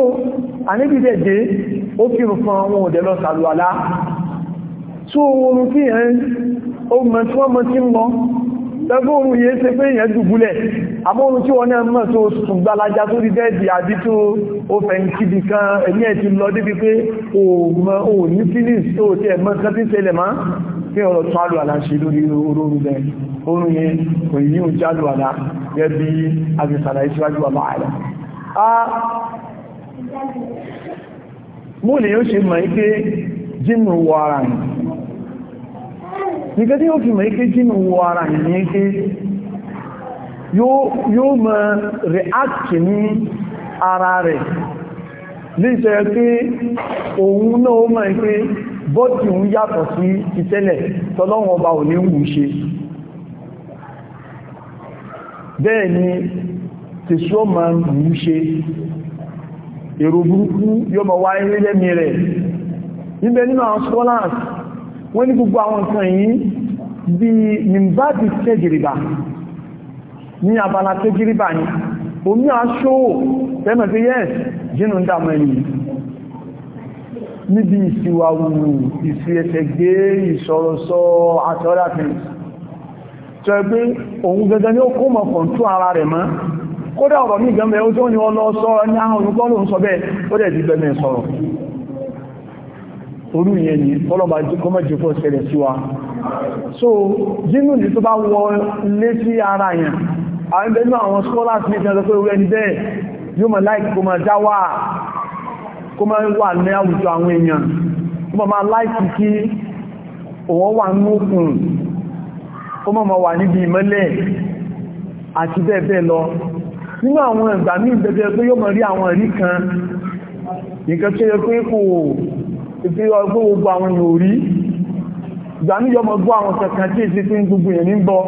àníbìdẹ̀ dé ó kírun fún àwọn òdẹ̀ lọ sàlùwàlá tó oorun tí yẹn ó mọ̀ tí wọ́n mọ̀ tí ń mọ́ lọ́gbọ́n oorun yẹn ṣe pé yẹn dùbúlẹ̀ àmọ́run tí wọ́n náà mọ̀ tó sùn gbalaja tó rí dẹ́ẹ̀dì àbí tó ó fẹ̀yìntìdì kan ẹ̀mí ẹ̀ ti lọ débi pé ò mọ̀ ò ní phillips tó ti ẹ̀mọ́ kan tí ṣẹlẹ̀ máa kí ọ̀rọ̀ tó àlù àlà ṣe lórí oorun rẹ̀ oorun yẹn kò yí ò ara yìí nígbẹ́ tí ó fi mọ̀ ike jínú wọ ara ìyẹn ike yóò mọ̀ react ní ara rẹ̀ níṣẹ́ pé òun náà ó mọ̀ ike bọ́tí ń yàtọ̀ sí ti tẹ́lẹ̀ tọ́lọ́wọ́n ọba ò ní wù ṣe bẹ́ẹ̀ ni ti ṣọ́ ma ń wù ṣe èrò burúkú yóò mọ̀ wáyé lẹ́mí rẹ̀ níbẹ̀ nínú àwọn scholars wọ́n ní gbogbo àwọn nǹkan yìí bí nìbáàdì tẹ́jìrìbà ní abala tẹ́jìrìbà ní omi aṣó tẹ́mẹ̀ pé yẹ́ jínú dámọ̀ ẹni níbi ìsìwàwùrù ìsì ẹsẹ̀ gbé ìṣọ̀rọ̀sọ àtọ́rátìn tó ẹgbé orú yẹn ni ọlọ́ba kọmọ̀jì ṣẹlẹ̀ sí wa so jínú ní tó bá wọ lé sí ara yẹn àwọn ẹgbẹ̀rún àwọn scholars ní ìfẹ́ ọ̀pẹ́ orí ẹni bẹ́ẹ̀ yóò mọ̀ láìkì kó máa dáwà kó máa wà ní àwùjọ àwọn èèyàn kó máa máa láìkì kí òun wà nókùn kó máa wà níbi ìmọ́lẹ̀ àti bẹ́ẹ̀ bẹ́ẹ̀ lọ nínú àwọn ìgbà ní ìbẹ̀bẹ̀ pé yóò mọ̀ rí àwọn ẹ̀rí kan nǹkan tó yẹ pé kò ìfi ọgbọ́ gbogbo àwọn èèyàn orí ìgbàmíyàn ọmọ gbọ́ àwọn kankan tí èsì tí ń gbogbo èèyàn ń bọ́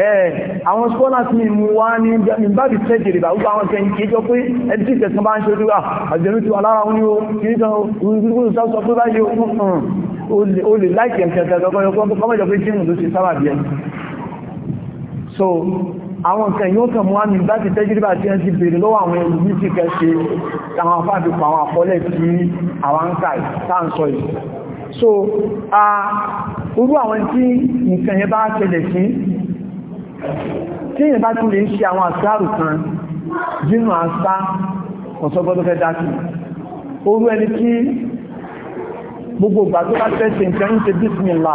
ẹ̀ẹ́ àwọn scholars ní mú wá ní ìbábi tẹ́jìrì bá gbogbo àwọn kẹyìn kéjọ pé ẹni tí ìtẹ̀sán bá ń ṣe ojú ah, àjẹ́rú ti wà lára wọn ni ó kìí tán orúkúrú sọ pé báyìí ó hmm, lè láìkẹ̀ẹ́kẹ̀ẹ́ àwọn nǹkan yóò kàn mọ́ àmì láti tẹ́jìrìbà tí ẹn ti bèèrè lọ́wọ́ àwọn olùmí sí kẹsẹ̀ àwọn afáàbìkọ àwọn àkọọ́lẹ̀ tí àwọn ń kà sáàǹsọ̀ yìí so a orú àwọn tí nǹkan yẹn bá ṣẹlẹ̀ sí tí èyàn bá tún lè ṣe àwọn àṣàrù kan jínú àṣà ọ̀sọ́gbọ́dọ́ fẹ́ dákì orú ẹni tí gbogbo ìgbà tó bá fẹ́ ṣe nǹkan ń ṣe bísmìlá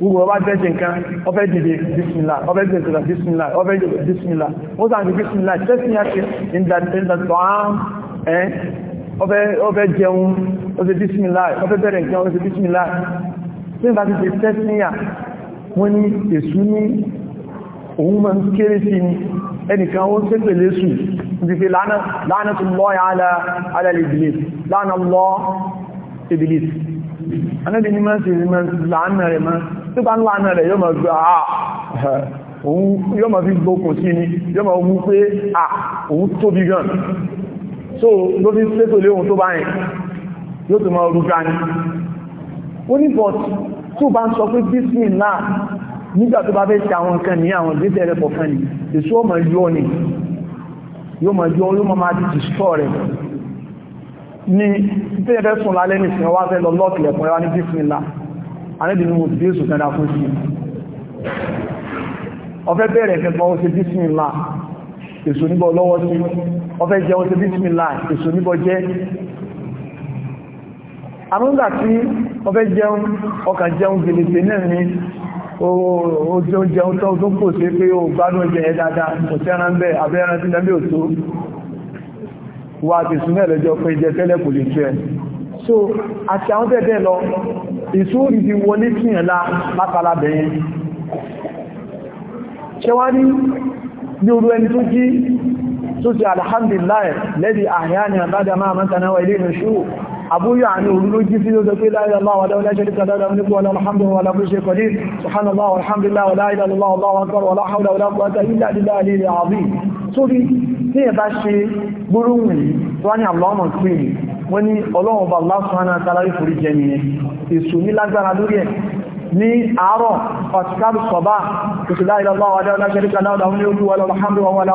gbogbo ọba jẹ́jẹ́ nǹkan ọfẹ́ dìde bísmìlá ọfẹ́ jẹ́jẹ́ bísmìlá ọfẹ́ jẹ́jẹ́ bísmìlá wọ́n sáà ní bísmìlá tẹ́sí yá ṣe ìdàtọ̀ ààrùn ẹ́ ọfẹ́ jẹun ọfẹ́ bísmìlá ọfẹ́ bẹ̀rẹ̀ nǹkan ọfẹ́ bísmìlá tí bá ti ṣe tẹ́sí yá wọ́n ní èṣù ní òun mọ́ kéré sí ni ẹnìkan ó ṣe pẹ̀lẹ́ sù ìdífẹ́ lánàtùlọ́ anábi ní máa ń sèrè láàánà rẹ̀ máa tó bá ń láàánà rẹ̀ yóò máa gbé àà ah, òun yóò máa fi gbókùn sí ni yóò máa wú pé à ah, òun tóbi gan so ló fi sétò lé tó bá yóò tó máa rúgbá ní ó ní bọ̀t tó bá ń sọ pé bísìn náà nígbà tó bá fẹ́ ṣe àwọn nǹkan ní àwọn ìgbésẹ̀ rẹ̀ kọ̀ọ̀kan ní èso ọmọ yọ ni yóò máa yọ yóò máa máa dìtì rẹ̀ ní tí ẹ̀fẹ́ sùn lálẹ́ ní ìsìn ọwá fẹ́ lọ lọ́kìlẹ̀kùn ẹwà ní bísmìlá anẹ́bìnú mo ti jésù kẹ́dà fún sí ọfẹ́ bẹ̀rẹ̀ kẹgbọ́n ó ṣe bísmìlá èso níbọ̀ lọ́wọ́ sí ọfẹ́ jẹ́ ó ṣe bísmìlá èso níbọ̀ jẹ́ àmúgbà tí ọfẹ́ jẹun ọkà jẹun gẹ̀lẹ̀tẹ̀ náà ni ó jẹun tó pò sí pé ó gbádùn ẹ̀jẹ̀ dáadáa kò tẹ́ran bẹ́ẹ̀ abẹ́ran sí lẹ́bẹ̀ẹ́ òtó wà ti súnmọ́ ẹ̀lẹ́jọ́ pé jẹ tẹ́lẹ̀ kò lè tú ẹ so àti àwọn tẹ́tẹ́ lọ ìsúrì ti wọlé kíyànlá látara bẹ̀yẹn ṣe wá ní ní orú ẹni tó jí tó ti alhamdulillah lẹ́dí àhíyá ni àbájá máa mọ́ta náwà ilé ìrìnṣú أبو يعني ولوجي في ذلك لا إله إلا الله ولا ولا شريك له له الملك وله الحمد ولا كل شيء قدير سبحان الله والحمد لله ولا إله إلا الله والله أكبر ولا حول ولا قوة إلا بالله العلي العظيم sórí tí ẹ̀bá ṣe gbóròhùn yìí tó wá ní àlọ́mà pé wọ́n ní ọlọ́run bá lásán náà tàbí forí jẹ nìyẹn èsù ní lágbára lórí ẹ̀ ní àárọ̀ ọ̀tíkàbù sọ̀bá ìṣẹ̀lá ìlọ́lọ́wọ́ adáwọ́lá ṣẹ́ríkà láwọ́dá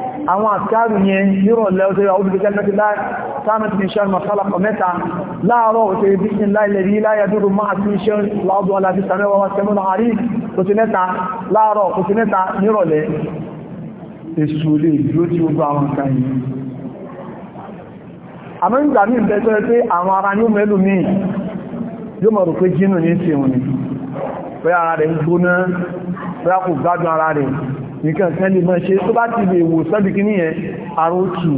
àwọn àkàrù yẹn nírọ̀lẹ́ òṣèrè àwọn olùgbẹ́gbẹ́ mẹ́tìlá sáàmẹ́tì ní ṣẹ́rùn masálàpọ̀ mẹ́ta láàárọ̀ òṣèrè bí i láìlẹ̀rí láyàdúrù máa tí ṣẹ́rùn láàbọ̀ aláàbí sàmẹ́wàwà sẹ́mọ́nà àrí òṣèrè mẹ́ta láàárọ̀ òṣèrè mẹ́ta nírọ̀lẹ́ èṣù olè dúró tí ó bá wọn kan yìí àmọ́ ìgbà mí bẹ́ẹ̀ pé àwọn ara ní mẹ́lù mí yóò mọ̀ nìkan kan lè mọ́ ṣe tó bá ti lè wò sọ́bí kí ní ẹ̀ àrótù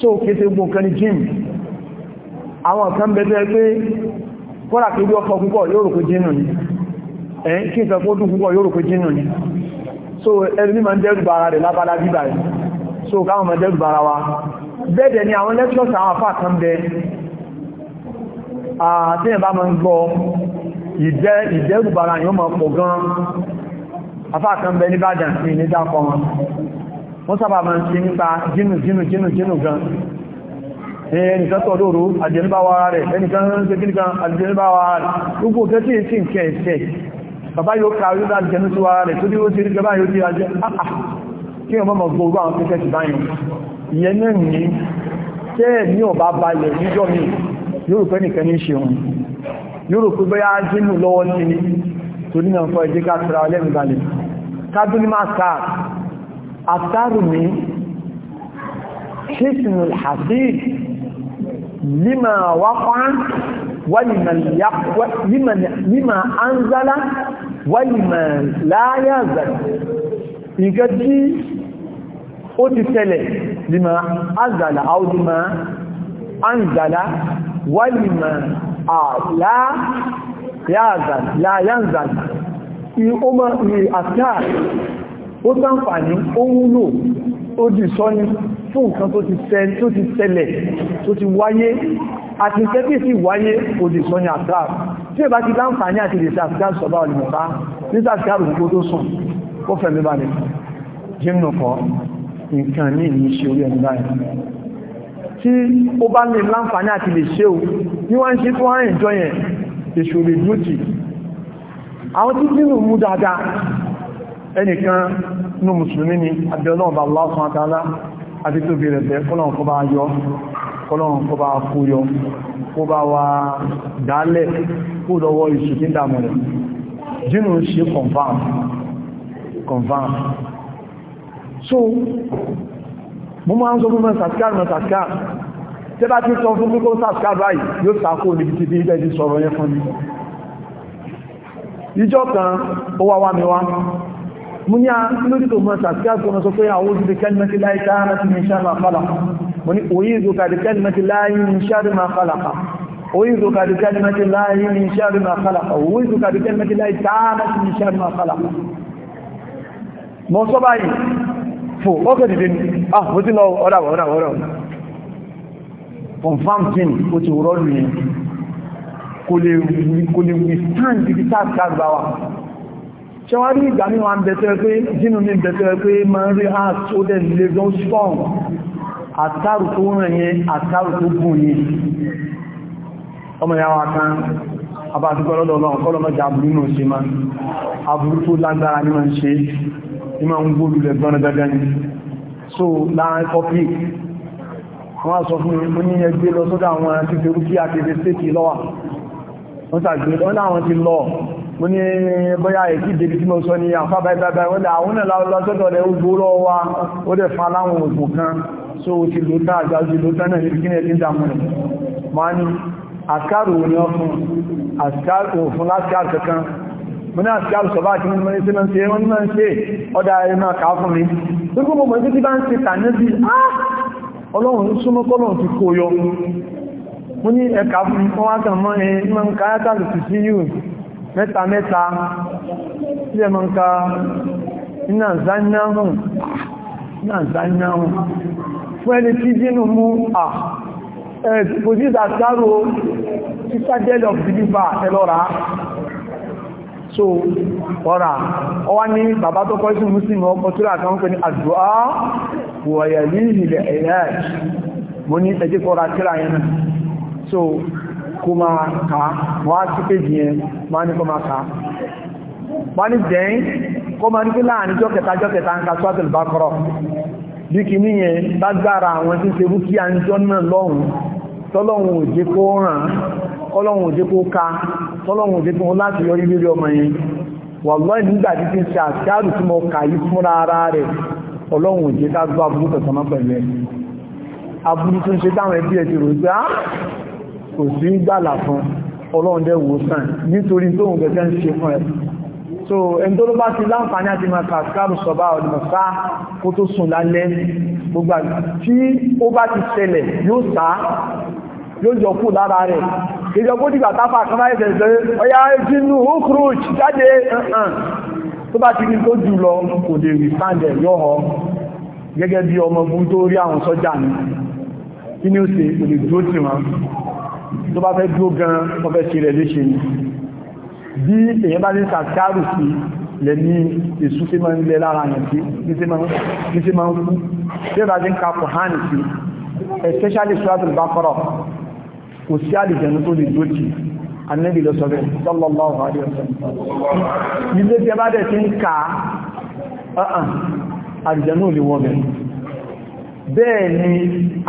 so kéte gbọ́n kan ní gym àwọn kan bẹ̀tẹ̀ pé kọ́lá kí ó fọ́ púpọ̀ yóò rò pé jínú ni ẹ̀ kí n sọpọ̀ dùn púpọ̀ yóò rò pé jínú ni so ẹni ma ń dẹ́rù bara rẹ̀ lábala bíbà so káwọn ma dẹ́rù bara wa bẹ́ẹ̀dẹ̀ ni àwọn lectures àwọn afá kan bẹ àti ẹ̀bá ma ń gbọ́ ìdẹ́rù bara yóò ma pọ̀ gan-an afákan bẹ níbàdàn sí ní dákọ wọn wọ́n sábà máa ń ṣe nípa jínù jínù jínù jínù gan ẹnìkan tọ̀lóòrò àjẹ́nibáwà rẹ̀ ẹnìkan tẹ́kìnìkan àjẹ́nibáwà rẹ̀ gbogbo kẹ́tí èsì nkẹ́ ẹ̀ṣẹ́ bàbá yóò kàrí láàjẹ́nú sí wára rẹ̀ tó dí ó ti rí gẹ́bá yóò di ajẹ́ kí ọmọ mọ̀ gbogbo àwọn kẹ́kẹ́ ti báyìí ìyẹn náà ní tẹ́ ní ọba balẹ̀ níjọ́ mi yóò rò pé nìkan ní ṣeun yóò rò pé bẹ́yà jínú lọ́wọ́ sí ni torí náà fọ́ ẹjẹ́ ká tẹ́ra قادني ما أثار أثارني حسن الحديث لما وقع ولمن يقوى لمن لما أنزل ولمن لا يزل يجدي أتسلى لما أنزل أو لما أنزل ولمن آه، لا يزل لا ينزل ó máa ní àṣáà ó sáǹfàní ó wúlò ó dì sọ́ni fún nǹkan tó ti ṣẹlẹ̀ tó ti wáyé àti ìṣẹ́kì sí wáyé ó dì sọ́ni àṣáà tí ó bá ti láǹfàní àti lè sàṣíkà sọ̀bá olùmọ̀ta ní sàṣíkà rùgbó tó sùn ó fẹ̀mí balẹ̀ jẹ́mù kọ́ nǹkan ní ìṣẹ́ orí ẹni báyìí tí ó bá ní láǹfàní àti lè ṣe ò ní wọ́n ń ṣe fún àrìn jọ yẹn ìṣòro ìdúrótì àwọn tí sínú mú dáadáa ẹnìkan ní mùsùlùmí ni abẹ́ọlọ́ọ̀bà Allah subhanahu wa ta'ala àti tó bèèrè bẹ́ kọ́lọ̀n kó bá yọ kọ́lọ̀n kó bá kú yọ kó bá wá dálẹ̀ kó lọ́wọ́ ìṣùkí dàmù rẹ̀ jínú ṣe confam confam so mo máa ń sọ fún sàtíkà rẹ̀ sàtíkà tẹ́bá tí sọ fún pípọ́ sàtíkà báyìí yóò sàkó níbi títí ìdẹ́jì sọ̀rọ̀ yẹn fún mi ìjọ kan ó wá wá mi wá mú ní ah, lórí tó mọ́ sàtí àgbọ̀nà sọ pé àwọn òjúbi kẹ́lìmẹ́tì láì káàrà ti ní ṣàrà fàlàkà mo ní òyí ìzòkàdì kẹ́lìmẹ́tì láì ní ṣàrà fàlàkà òyí ìzòkàdì kẹ́lìmẹ́tì láì ní ṣàrà fàlàkà òyí ìzòkàdì kẹ́lìmẹ́tì láì káàrà ti ní ṣàrà fàlàkà mọ́ sọ báyìí fò ọkọ̀ dìde ní ah mo ti lọ ọ̀dà ọ̀dà ọ̀dà confam tin ó ti rọ́ọ̀lù yẹn kò lè withstand ibi táàkàgbà wa ṣe wá rí ìgbà ní wọn bẹ̀tẹ̀ pé jínú ní bẹ̀tẹ̀ pé ma ń rí heart ó dẹ̀ lè gan strong àtàrù tó rìn yẹn àtàrù tó gùn yẹn ọmọ ìyàwó kan abájúgbọ́ lọ́dọ̀ ọlọ́run kọ́ lọ́mọ́ jà burú náà ṣe ma aburú tó lágbára ní máa ń ṣe ní máa ń gbóòlù lẹ̀ gbọ́nà dandan ni so láàrín kọfí wọ́n sọ fún mi ní ẹgbẹ́ lọ sọ́dọ̀ àwọn akẹ́kẹ́ rúkí akẹ́kẹ́ stéèkì lọ́wà wọ́n sàgbé wọ́n láwọn ti lọ mo ní bóyá èkí débi tí mo sọ ní àfá báibáibáì wọ́n láwọn náà lọ́sọ́dọ̀ rẹ̀ ogbó lọ́wọ́ ó dẹ̀ fa láwọn ògùn kan so ti ló tá àjá ti ló tánà ní kí ní ẹ̀dín dàmú rẹ̀ ma ní àkàrò ní ọkùn òfin láskàrò kankan mo ní àskàrò sọ tí ń ṣe tànẹ́bí mú ní ẹ̀ka fún wákàn mọ́ ẹ ní wọ́n ká yátà lè sí yíò mẹ́ta mẹ́ta tí ẹ mọ́ ká iná zanáhùn fún ẹni tí jínú mú à ẹ̀kùnjíta sáró citadel of deliver ẹlọ́ra so ọ̀rà ọwá ní bàbá tó kọ́ sí muslim ọkọ̀ tó rà kan pẹ̀ ní àdúrà wọ̀yẹ̀lì ilẹ̀ ẹ̀yẹ́ mo ní ẹjẹ́ kọ́ra tíra yẹn so kó máa ká wá sí péjì yẹn máa ní kó máa ká wá ní dẹ́yìn kó máa ní pé láàrin jọ́kẹta jọ́kẹta ń ka sọ́tẹ̀lì bá kọ́rọ̀ bí kì ní yẹn bá gbára àwọn tí ń ṣe rúkí àjọ náà lọ́hùn tọ́lọ́hùn òjé kó ràn kọ́lọ́hùn òjé kó ká tọ́lọ́hùn òjé kó láti yọrí lórí ọmọ yẹn wàlọ́ ìgbà tí ti ṣe àṣíárù tí mo kà yí fúnra ara rẹ̀ ọlọ́run òjé ká gbọ́ aburú kẹsànmọ́ pẹ̀lú ẹ̀ aburú tó ń ṣe táwọn ẹbí ẹ̀ ti rò pé á ah, kò sí gbàlà fún ọlọ́ọ̀dẹ́ wòsàn nítorí tó ń gẹ̀gẹ́ ń ṣe fún ẹ so ẹni tó ló bá ti láǹfààní àti máa kàkàrù sọ̀bá ọ̀dùnmọ̀sá kó tó sùn lálẹ́ gbogbo tí ó bá ti ṣẹlẹ̀ yóò sá yóò jọ kú lára rẹ̀ ìjọ kó dìgbà tápà kan láyé tẹ̀sẹ̀ ọya ìjínú ókúròch jáde kí ni ó ṣe kò lè dúró wọn tó bá fẹ́ dúró gan wọ́n fẹ́ ṣe rẹ̀ léṣe ni bí èyàn bá ní sàkárù sí lẹ́ni èsù tí máa ń lẹ lára yàn sí ní tí máa ń kú tí ó bá ti ń ka kùhánì sí especially suratul Baqara kò sí àlìjẹ̀nú tó lè dóòtì annabi lọ sọ bẹ́ẹ̀ sallallahu alaihi wasallam a bá dẹ̀ ti ń ka ọ̀hàn uh-uh, àlìjẹ̀nú ò lè wọ́ ni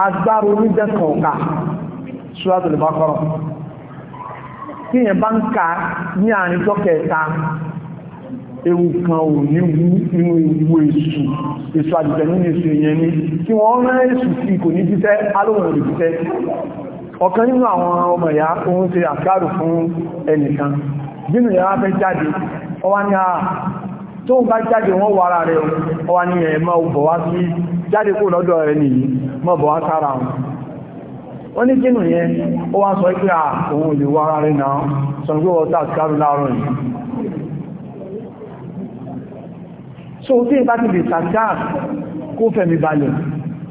agbára oníjẹ́ kọ̀ọ̀ka Suratul Baqarah tí yẹn bá ń ka ní àárín tọ́kẹta ewu kan ò ní wú inú ewu èsù èsù àjẹ̀jẹ̀ nínú èsù èyàn ní tí wọ́n rán èsù sí kò ní jíṣẹ́ alóhùn rẹ̀ jíṣẹ́ ọ̀kan nínú àwọn ọmọ ìyá ṣe fún ẹnìkan bínú ìyá fẹ́ jáde ọwá ní àà tó ń bá jáde wọ́n wà ara rẹ̀ ọwá ní bọ̀ wá sí jáde kó lọ́dọ̀ rẹ̀ nìyí wọ́n ní jínú yẹn ó wá sọ pé àwọn olùwọ́ ara rẹ̀ náà sọ pé wọ́n láàrùn yìí so tí ìbá ti lè tàbí kó fẹ̀mí balẹ̀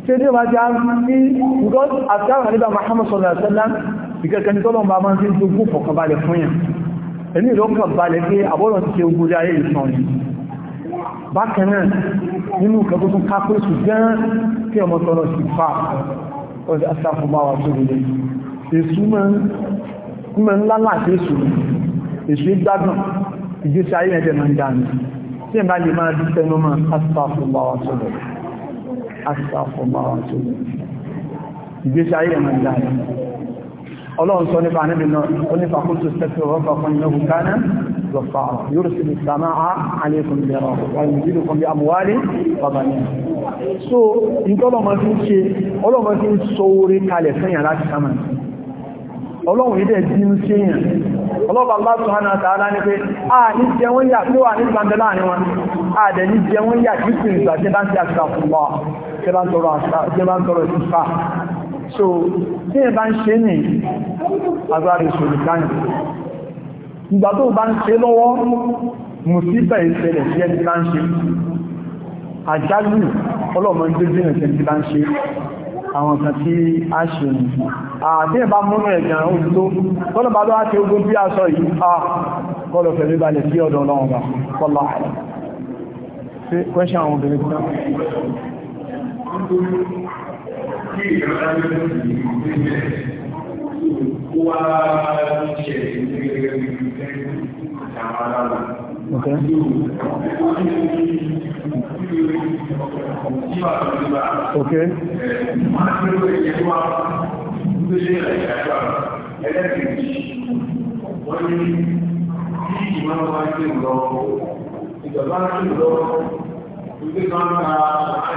tí ó bá ní because àtàrà Muhammad sallallahu alaihi wasallam ìkẹ́kẹ́ni tọ́lọ̀ bá máa ń tí ó gún fọ̀kànbalẹ̀ fún yàn ẹni ìlọ́kàn balẹ̀ pé àbọ́lọ̀ ti ṣe ogun ayé ìsan ni bákanáà nínú ìkẹ́kọ́ tún ọdí asáfọ́báwà tó lè èsù mẹ́ ńlá láti èsù èsù gbádùn ìgbésí ayé ẹ̀jẹ̀ máa ń dánù tí ìbá lè máa dí tẹnu máa asáfọ́báwà tó lè asáfọ́báwà tó ọlọ́run sọ nípa níbi náà ó nípa kó tó sẹ́kì ọ̀rọ̀ fàkún iná bukana lọ́fà yóò sì lè sàmà á àlékún lẹ́rọ wọ́n yìí kan bí amúwálé bàbá so nǹkan ọlọ́mọ fi ń ṣe ọlọ́mọ fi ń sọ orí kalẹ̀ fẹ́yàn láti sámà ọlọ́run yìí dẹ̀ bí ń ṣe yàn ọlọ́ba bá tún hánà tààlá ní pé a ní jẹ wọ́n yà tí wà ní so tí ẹ bá ń ṣe ní agbára ìṣòro káyìn ìgbà tó bá ń ṣe lọ́wọ́ mùsíbà ìṣẹ̀lẹ̀ sí ẹni bá ń ṣe àjálù ọlọ́mọ ìgbésìnà ẹni bá ń ṣe àwọn kan tí a ṣe ní àti ẹ̀bá múnú ẹ̀gbẹ̀rẹ̀ ojú tó kọ́lọ̀ ogun bí a sọ yìí a kọ́lọ̀ fẹ̀lú balẹ̀ sí ọ̀dọ̀ ọlọ́run bá kọ́lọ̀ ààrẹ kí Okay.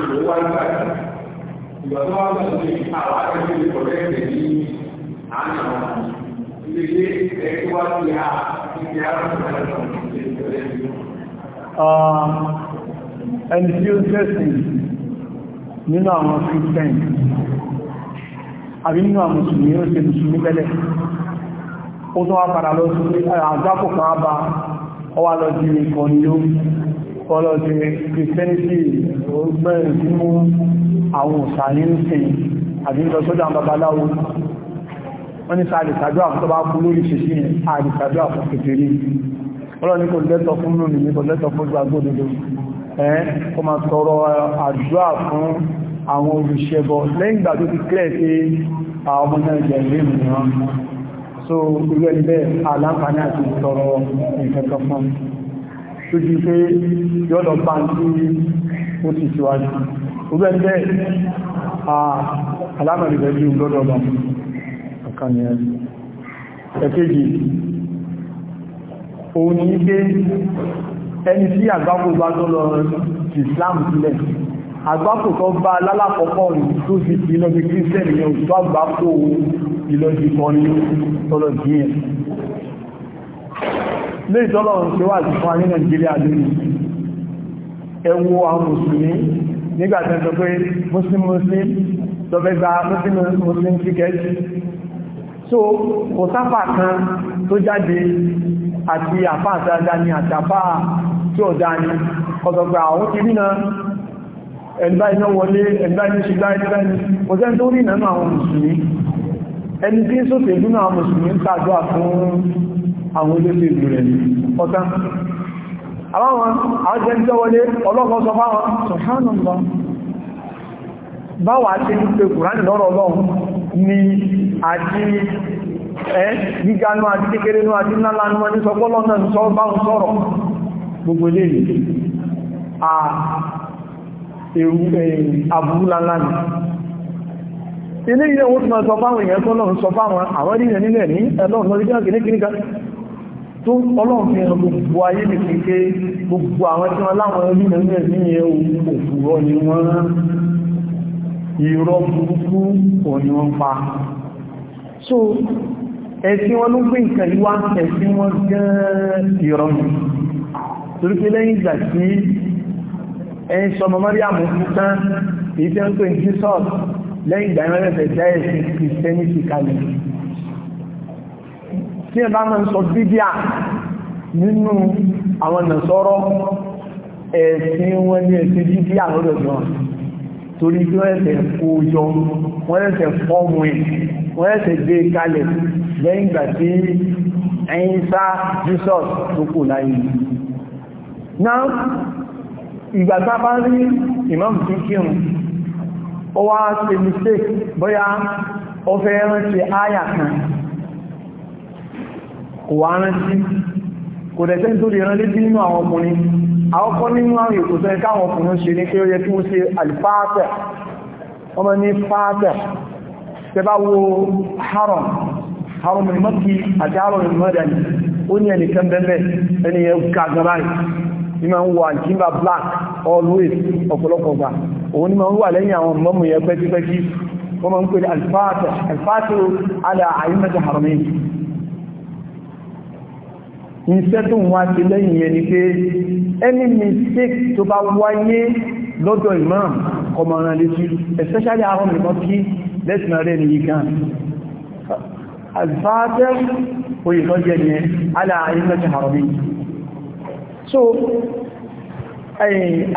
Okay ìgbà tó wá gbàgbọ́ pé àwọn akẹ́kọ̀ọ́ lè kọ̀ọ̀rẹ́ ẹ̀sẹ̀ ní àná a ìdí arákùnrin um, ẹni tí ó tẹ́sìn nínú àwọn Christian àbí nínú àwọn mùsùlùmí ó ṣe mùsùlùmí tẹ́lẹ̀ ó tún wá padà lọ sí ah, àjápò kan bá ọwá lọ sí ìkọ̀ ni ó kọ́ lọ Christianity ó gbẹ̀rẹ̀ àwọn òsàní ń sìn àbí ń lọ sódò àwọn babaláwo wọ́n ní sáà lèsàdó àfún tó bá kú lórí ṣèṣì yẹn sáà lèsàdó àfún kékeré ọlọ́ni kò lẹ́tọ̀ fún lónìí ní kò lẹ́tọ̀ fún gbàgbódodo ẹ́ kò máa ti kílẹ̀ pé àwọn ọmọ so irú ẹni bẹ́ẹ̀ àlàǹfààní àti tọrọ ìkẹ́kọ̀ọ́ fún lójú pé yọ́dọ̀ bá ń tí ó ti síwájú ọgbẹ́ ẹgbẹ́ alámọ̀lẹ́gbẹ́ bí lọ́dọ̀ lọ ọkànnì ẹ̀kẹ́jì òun ní pé ẹni tí àgbákò bá tó lọ Islam sílẹ̀ àgbákò tó bá lálàpọ̀pọ̀ tó fi ti lọ́bí kírísẹ̀lì ní òṣù àgbákò ìlọ́jì kan ní tọ́lọ̀ díẹ̀ lè tọ́lọ̀ ń ṣe wà ti fún ní Nàìjíríà lónìí ẹ wo àwọn mùsùlùmí nígbà tí ó sọ pé muslim muslim lọ́fẹ́gbà muslim muslim ticket so kò sáfà kan tó jáde àti àfá àtàdá ni àtàfá tí ó dá ní ọ̀sọ̀gbà àwọn ti rí náà ẹ̀lbá iná wọlé ẹ̀lbá iná ṣìgbá ẹ̀lbá iná kò sẹ́ tó rí nánú àwọn mùsùlùmí ẹni tí àwọn àwọn jẹ́ jẹ́ wọlé ọlọ́kan sọ fáwọn subhanallah báwà tí ń pe kùránì lọ́rọ̀ ọlọ́run ni àti ẹ́ gíganú àti kékeré ní àti ńlá lánú wọn ní sọ pọ́lọ́ náà sọ báhùn sọ̀rọ̀ gbogbo ilé à ewu àbúrú lánàá ilé ilé owó tí ma sọ fáwọn èèyàn tọ́lọ́run sọ fáwọn àwọn ènìyàn nílẹ̀ ní ẹlọ́run lórí jẹ́ tó ọlọ́run fi hàn gbogbo ayé lè fi pé gbogbo àwọn tí wọ́n láwọn ẹlú nínú ẹ̀mí yẹn òfúrọ́ ni wọ́n irọ́ burúkú ò ní wọ́n pa so ẹ̀sìn wọn ló gbé nǹkan yíwá ẹ̀sìn wọn gan irọ́ ni torí pé lẹ́yìn ìgbà tí ẹ̀yìn sọmọ mọ́ríàmù fún tán èyí tẹ́ ń pè ní jesus lẹ́yìn ìgbà yẹn rẹ̀ fẹ̀ dá ẹ̀sìn kìrìsìtẹ́nì kalẹ̀ tí ẹ bá mọ́ sọ bídíà nínú àwọn nàṣọ́rọ́ ẹ̀sìn wọn ní ẹ̀sìn bídíà lọ́dọ̀ jọ torí tí wọ́n ẹ̀sẹ̀ kó yọ wọ́n ẹ̀sẹ̀ fọ́mù ẹ̀ wọ́n ẹ̀sẹ̀ gbé e kalẹ̀ lẹ́yìn ìgbà tí ẹ̀yìn sá jesus tó kò láyé náà ìgbà tá bá rí ìmáàmù tí kírun ó wá ṣe mistake bóyá ó kò wá rántí kò dẹ̀sẹ́ tó lè rán létí nínú àwọn ọkùnrin àkọ́kọ́ nínú àwọn ètò sẹ́ni káwọn ọkùnrin ṣe ní pé ó yẹ kí wọ́n ṣe alifáàtẹ̀ ọmọ ní fáàtẹ̀ tẹ wo haram haram ní mọ́kí àti haram ní mọ́dàní ó ní ẹnìkan bẹ́ẹ̀ ẹni yẹn ga ní ma ń wọ àjíńbà black always ọ̀pọ̀lọpọ̀ gbà òun ni ma ń wà lẹ́yìn àwọn mọ́mù yẹn pẹ́kípẹ́kí wọ́n ma ń pè ní alifáàtẹ̀ alifáàtẹ̀ alẹ́ àyímẹ́tẹ̀ haramẹ́yìn iṣẹ́ tó wá sí lẹ́yìn ẹni pé any mistake tó bá wáyé lọ́dọ̀ imam ọmọràn létí especially àwọn ìmọ̀ kí lẹ́sìnà rẹ̀ nìyí gan alfáàtẹ́ oyìnlọ́jẹ́ ni aláàrínkẹ́ àrọ̀bí so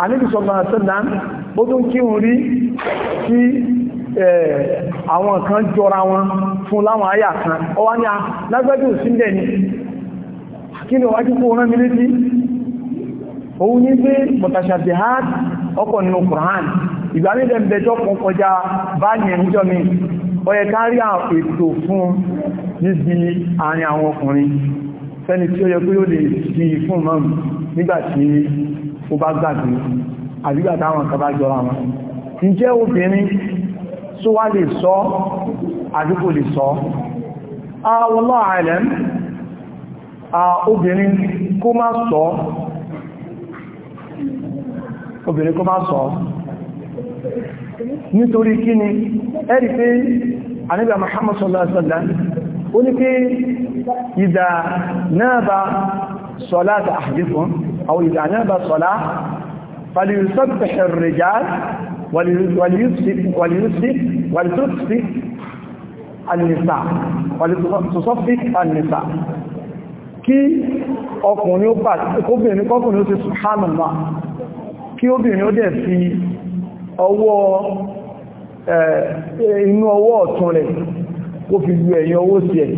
àníbìsọ̀gbà sọ́lá ó tún kí ń rí sí àwọn kan jọra wọn fún láwọn àyà kan ọwá ní a ah, lágbẹ́jù sílẹ̀ ni kí ni wájú kó rán mi létí òun ní pé mutashabihat ọkọ̀ nínú Qur'an ìgbà ní ẹ̀bẹ̀jọ́ kan kọjá bá ní ẹ̀míjọ́ mi ó yẹ ká rí ètò fún níbi àárín àwọn ọkùnrin fẹ́ni tí ó yẹ pé ó lè fi fún mọ́ nígbàtí ó bá gbàgbé àbígbàtà àwọn kan bá jọra obìnrin kó má sọ obìnrin kó má sọ nítorí kí ni ẹ̀rí pé àníbà Muhammad sallallahu alaihi wasallam ó ní pé ìdà náà bá sọ́lá àti àdífún àwọn ìdà náà bá sọ́lá فليسبح الرجال وليسبح ولتصفق النساء ولتصفق النساء kí ọkùnrin ó bà kóbìnrin kọkùnrin ó ti sùhánàmà kí obìnrin ó dẹ̀ fi ọwọ́ inú ọwọ́ ọ̀tún rẹ̀ kó fi gbé ẹ̀yìn ọwọ́ sí ẹ̀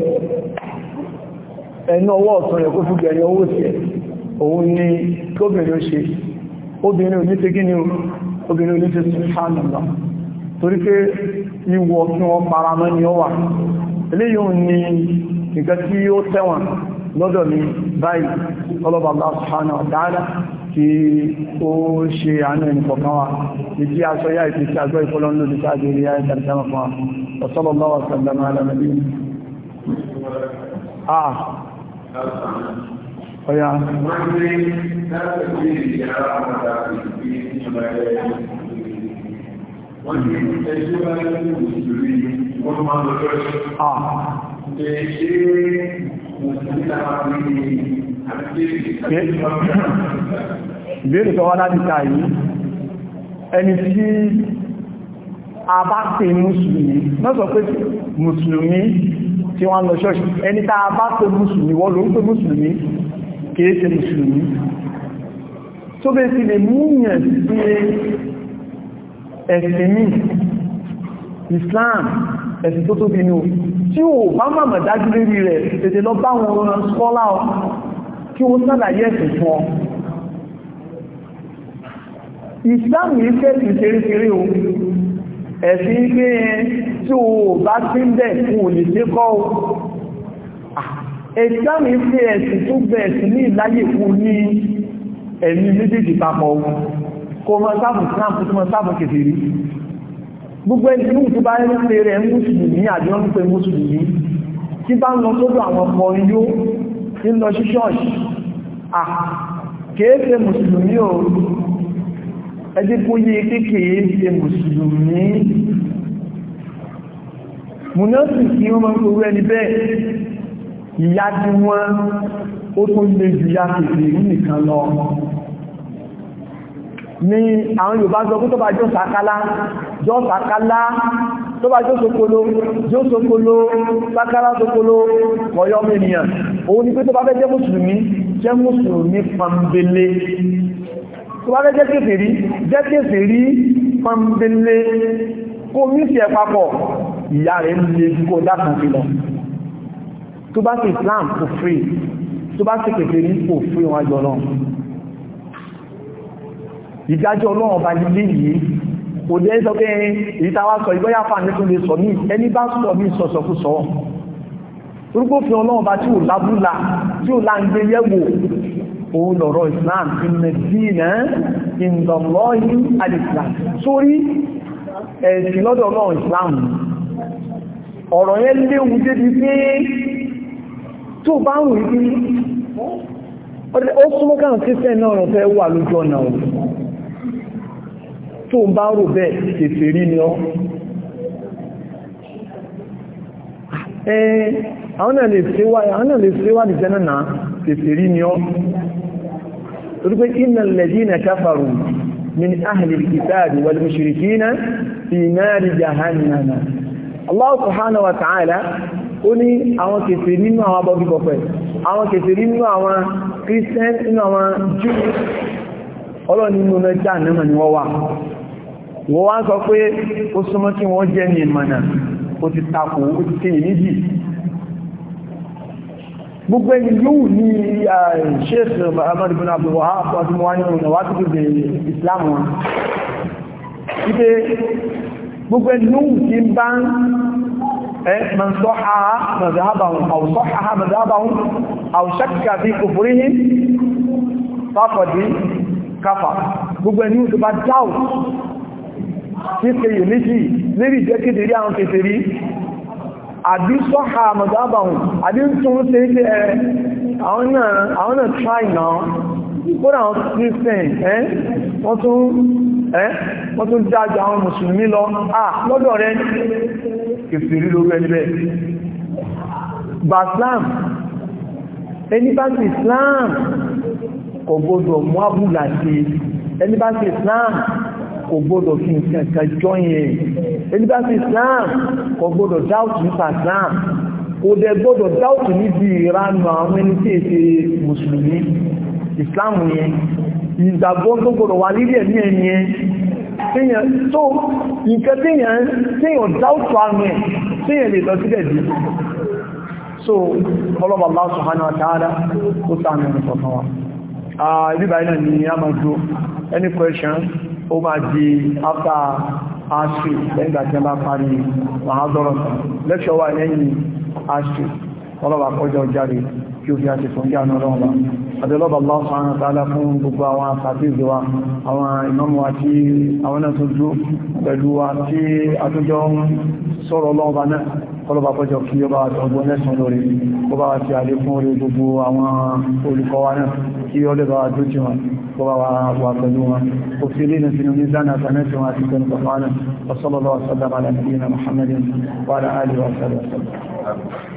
ẹ̀nú ọwọ́ ọ̀tún rẹ̀ kó fi gbé ẹ̀yìn ọwọ́ sí ẹ̀ òun ni ó ṣe obìnrin ò ní obìnrin ò ní sùhánàmà torí pé ìwọ̀ kí wọ́n paramọ́ wà eléyìí ni nǹkan lọ́dọ̀ mi báyìí ọlọ́bà Allah subhanahu wa ta'ala kí ó ṣe àánú ẹnìkọ̀kan wa ìdí aṣọ yá ìpè tí agbọ́ ìfọ́lọ́n lòdì sáàdì orí wọ́n ní ẹjọ́ bá ní ìṣòrí wọ́n máa lọ́jọ́ ṣe ìbéèrè tó wá láti ta yìí ẹni tí a bá pè mùsùlùmí náà sọ pé mùsùlùmí tí wọ́n lọ ṣọ́ọ̀ṣì ẹni tá a bá pè mùsùlùmí wọ́n ló ń pè mùsùlùmí kìí ṣe mùsùlùmí tó bẹ́ sí lè múyàn sí ẹ̀sìn Islam ẹ̀sìn tó tóbi ní o tí ò bá mọ̀mọ̀ dájú lérí rẹ̀ tètè lọ bá wọn ọ̀rọ̀ skọ́lá ọ kí wọ́n sàlàyé ẹ̀sìn fún ọ Islam yìí kẹ́sì ṣeréṣeré o ẹ̀sìn pé tí ò bá sí ń bẹ̀ fún òlè ṣe kọ́ o ah, Islam yìí pé ẹ̀sìn tó bẹ̀ ẹ̀sìn ní ìláyè fún ní ẹ̀mí méjèèjì papọ̀ kò mọ sáàbù Islam kò tó sáàbù kèfèrí gbogbo ẹni tí wùtú bá ń pe rẹ̀ mùsùlùmí àbí wọ́n ń pe mùsùlùmí tí bá ń lọ sọ́dọ̀ àwọn ọmọ yó tí ń lọ sí ṣọ́ọ̀ṣì à kéèké mùsùlùmí o ẹdí kó yí kéèkéé ṣe mùsùlùmí múnásì kí wọ́n máa ń torú ẹni bẹ́ẹ̀ ìyá tí wọ́n ó tún lè jù yá kèfèé nìkan lọ ni àwọn Yorùbá sọ pé tó bá jó sàkálá jọ sàkálá tó bá jó sokolo jó sokolo sàkálá sokolo kọ̀yọ́ mẹ́niyàn òun ni pé tó bá fẹ́ jẹ́ mùsùlùmí jẹ́ mùsùlùmí pàmbélé tó bá fẹ́ jẹ́ kèfèrí jẹ́ kèfèrí pàmbélé kó mí sí ẹ̀ ìyá rẹ̀ lè kó dákùn sí lọ tó bá sí Islam kò free tó bá sí kèfèrí kò free wọn jọ náà ìdájọ́ ọlọ́run ọba nílé yìí kò dẹ́ sọ pé ìtawà sọ ìgbọ́yà fàánì tún lè sọ ní ẹni bá sọ ní sọ̀sọ̀kúsọ orúkọ fi ọlọ́run bá tí ò lábúlà tí ò láǹgbé yẹ̀wò òun lọ̀rọ̀ Islam ìmẹ̀dínà ìndọ̀lọ́yìn alìsìlá sórí ẹ̀sìn lọ́dọ̀ ọlọ́run Islam ọ̀rọ̀ yẹn léwu débi pé tó bá ń rí bí ó súnmọ́ káàkiri sẹ́ẹ̀ náà rọ̀ fẹ́ wà lójú ọ̀nà òun tó ń bá rò bẹ́ẹ̀ kèfè rí ni ọ́ ẹ̀ẹ́ àwọn náà lè ṣéwà ní jẹ́nà náà kèfè rí ni ọ́ torípé innal ladhina kafaru min ahlil kitabi wal mushrikina fi nari jahannama Allah subhanahu wa ní àwọn àwọn kèfè nínú àwọn Christian nínú àwọn Jews ọlọ́ni nínú mẹ́jà náà ni wọ́n wà wọ́n wá ń sọ pé ó súnmọ́ kí wọ́n jẹ́ ní ìmọ̀nà ó ti takò ó ti kéyìn níjì gbogbo ẹni yóò ní Sheikh Muhammad ibn Abdul Wahhab àti ní ọ̀nà wá ti bèèrè Islam wọn wípé gbogbo ẹni yóò ti ń bá من صحها مذهبهم أو صحها مذهبهم أو شك في كفرهم فقد كفر gbogbo ẹni yóò ti ṣíṣe yìí méjì lérí jẹ́ kékeré àwọn kékeré àbí sọ́ha àmọ̀dábàhùn àbí ń tún ṣe ṣe ẹ àwọn náà try now kódà àwọn christian ẹ́ wọ́n tún ẹ́ wọ́n tún dájú àwọn mùsùlùmí lọ à lọ́dọ̀ rẹ̀ kèfèrí lórí ẹni bẹ́ẹ̀ baslam ẹni bá sí islam kò gbọdọ̀ mú àbúlà sí ẹni bá sí islam kò gbọ́dọ̀ fi nǹkan kan jọyìn elibasi islam kò gbọ́dọ̀ dáùtù nípa islam kò dẹ̀ gbọ́dọ̀ dáùtù níbi ìranù àwọn ẹni tí èsè mùsùlùmí islam yẹn ìgbàgbọ́ tó gbọ́dọ̀ wà lílé ẹ̀mí ẹni ẹ so ọlọ́bà Allah subhanahu any questions ó máa di after ashri lẹ́gbà tí a bá parí mahadoro lẹ́ṣọ́ wà lẹ́yìn ashri ọlọ́wà kọjọ jáde kí o ní a ti fún kí àná ọlọ́run bá adọ́lọ́bà bá fún àtàlá fún gbogbo àwọn àfàtíìsì wa àwọn ìmọ́mù àti àwọn náà tó dúró pẹ̀lú àti àtúnjọ sọ̀rọ̀ ọlọ́ọ̀bá náà ọlọ́bà pẹ́jọ kí ọba ọgbọ́n lẹ́sùn lórí ọba àti àlékún orí gbogbo àwọn olùkọ́ wa náà kí ọlẹ́bà dójì wọn ọba wà pẹ̀lú wọn kò fi lè nìfinú ní zánà àtàmẹ́sì wọn àti pẹ̀lú pàfánà ọ̀sọ́lọ́lọ́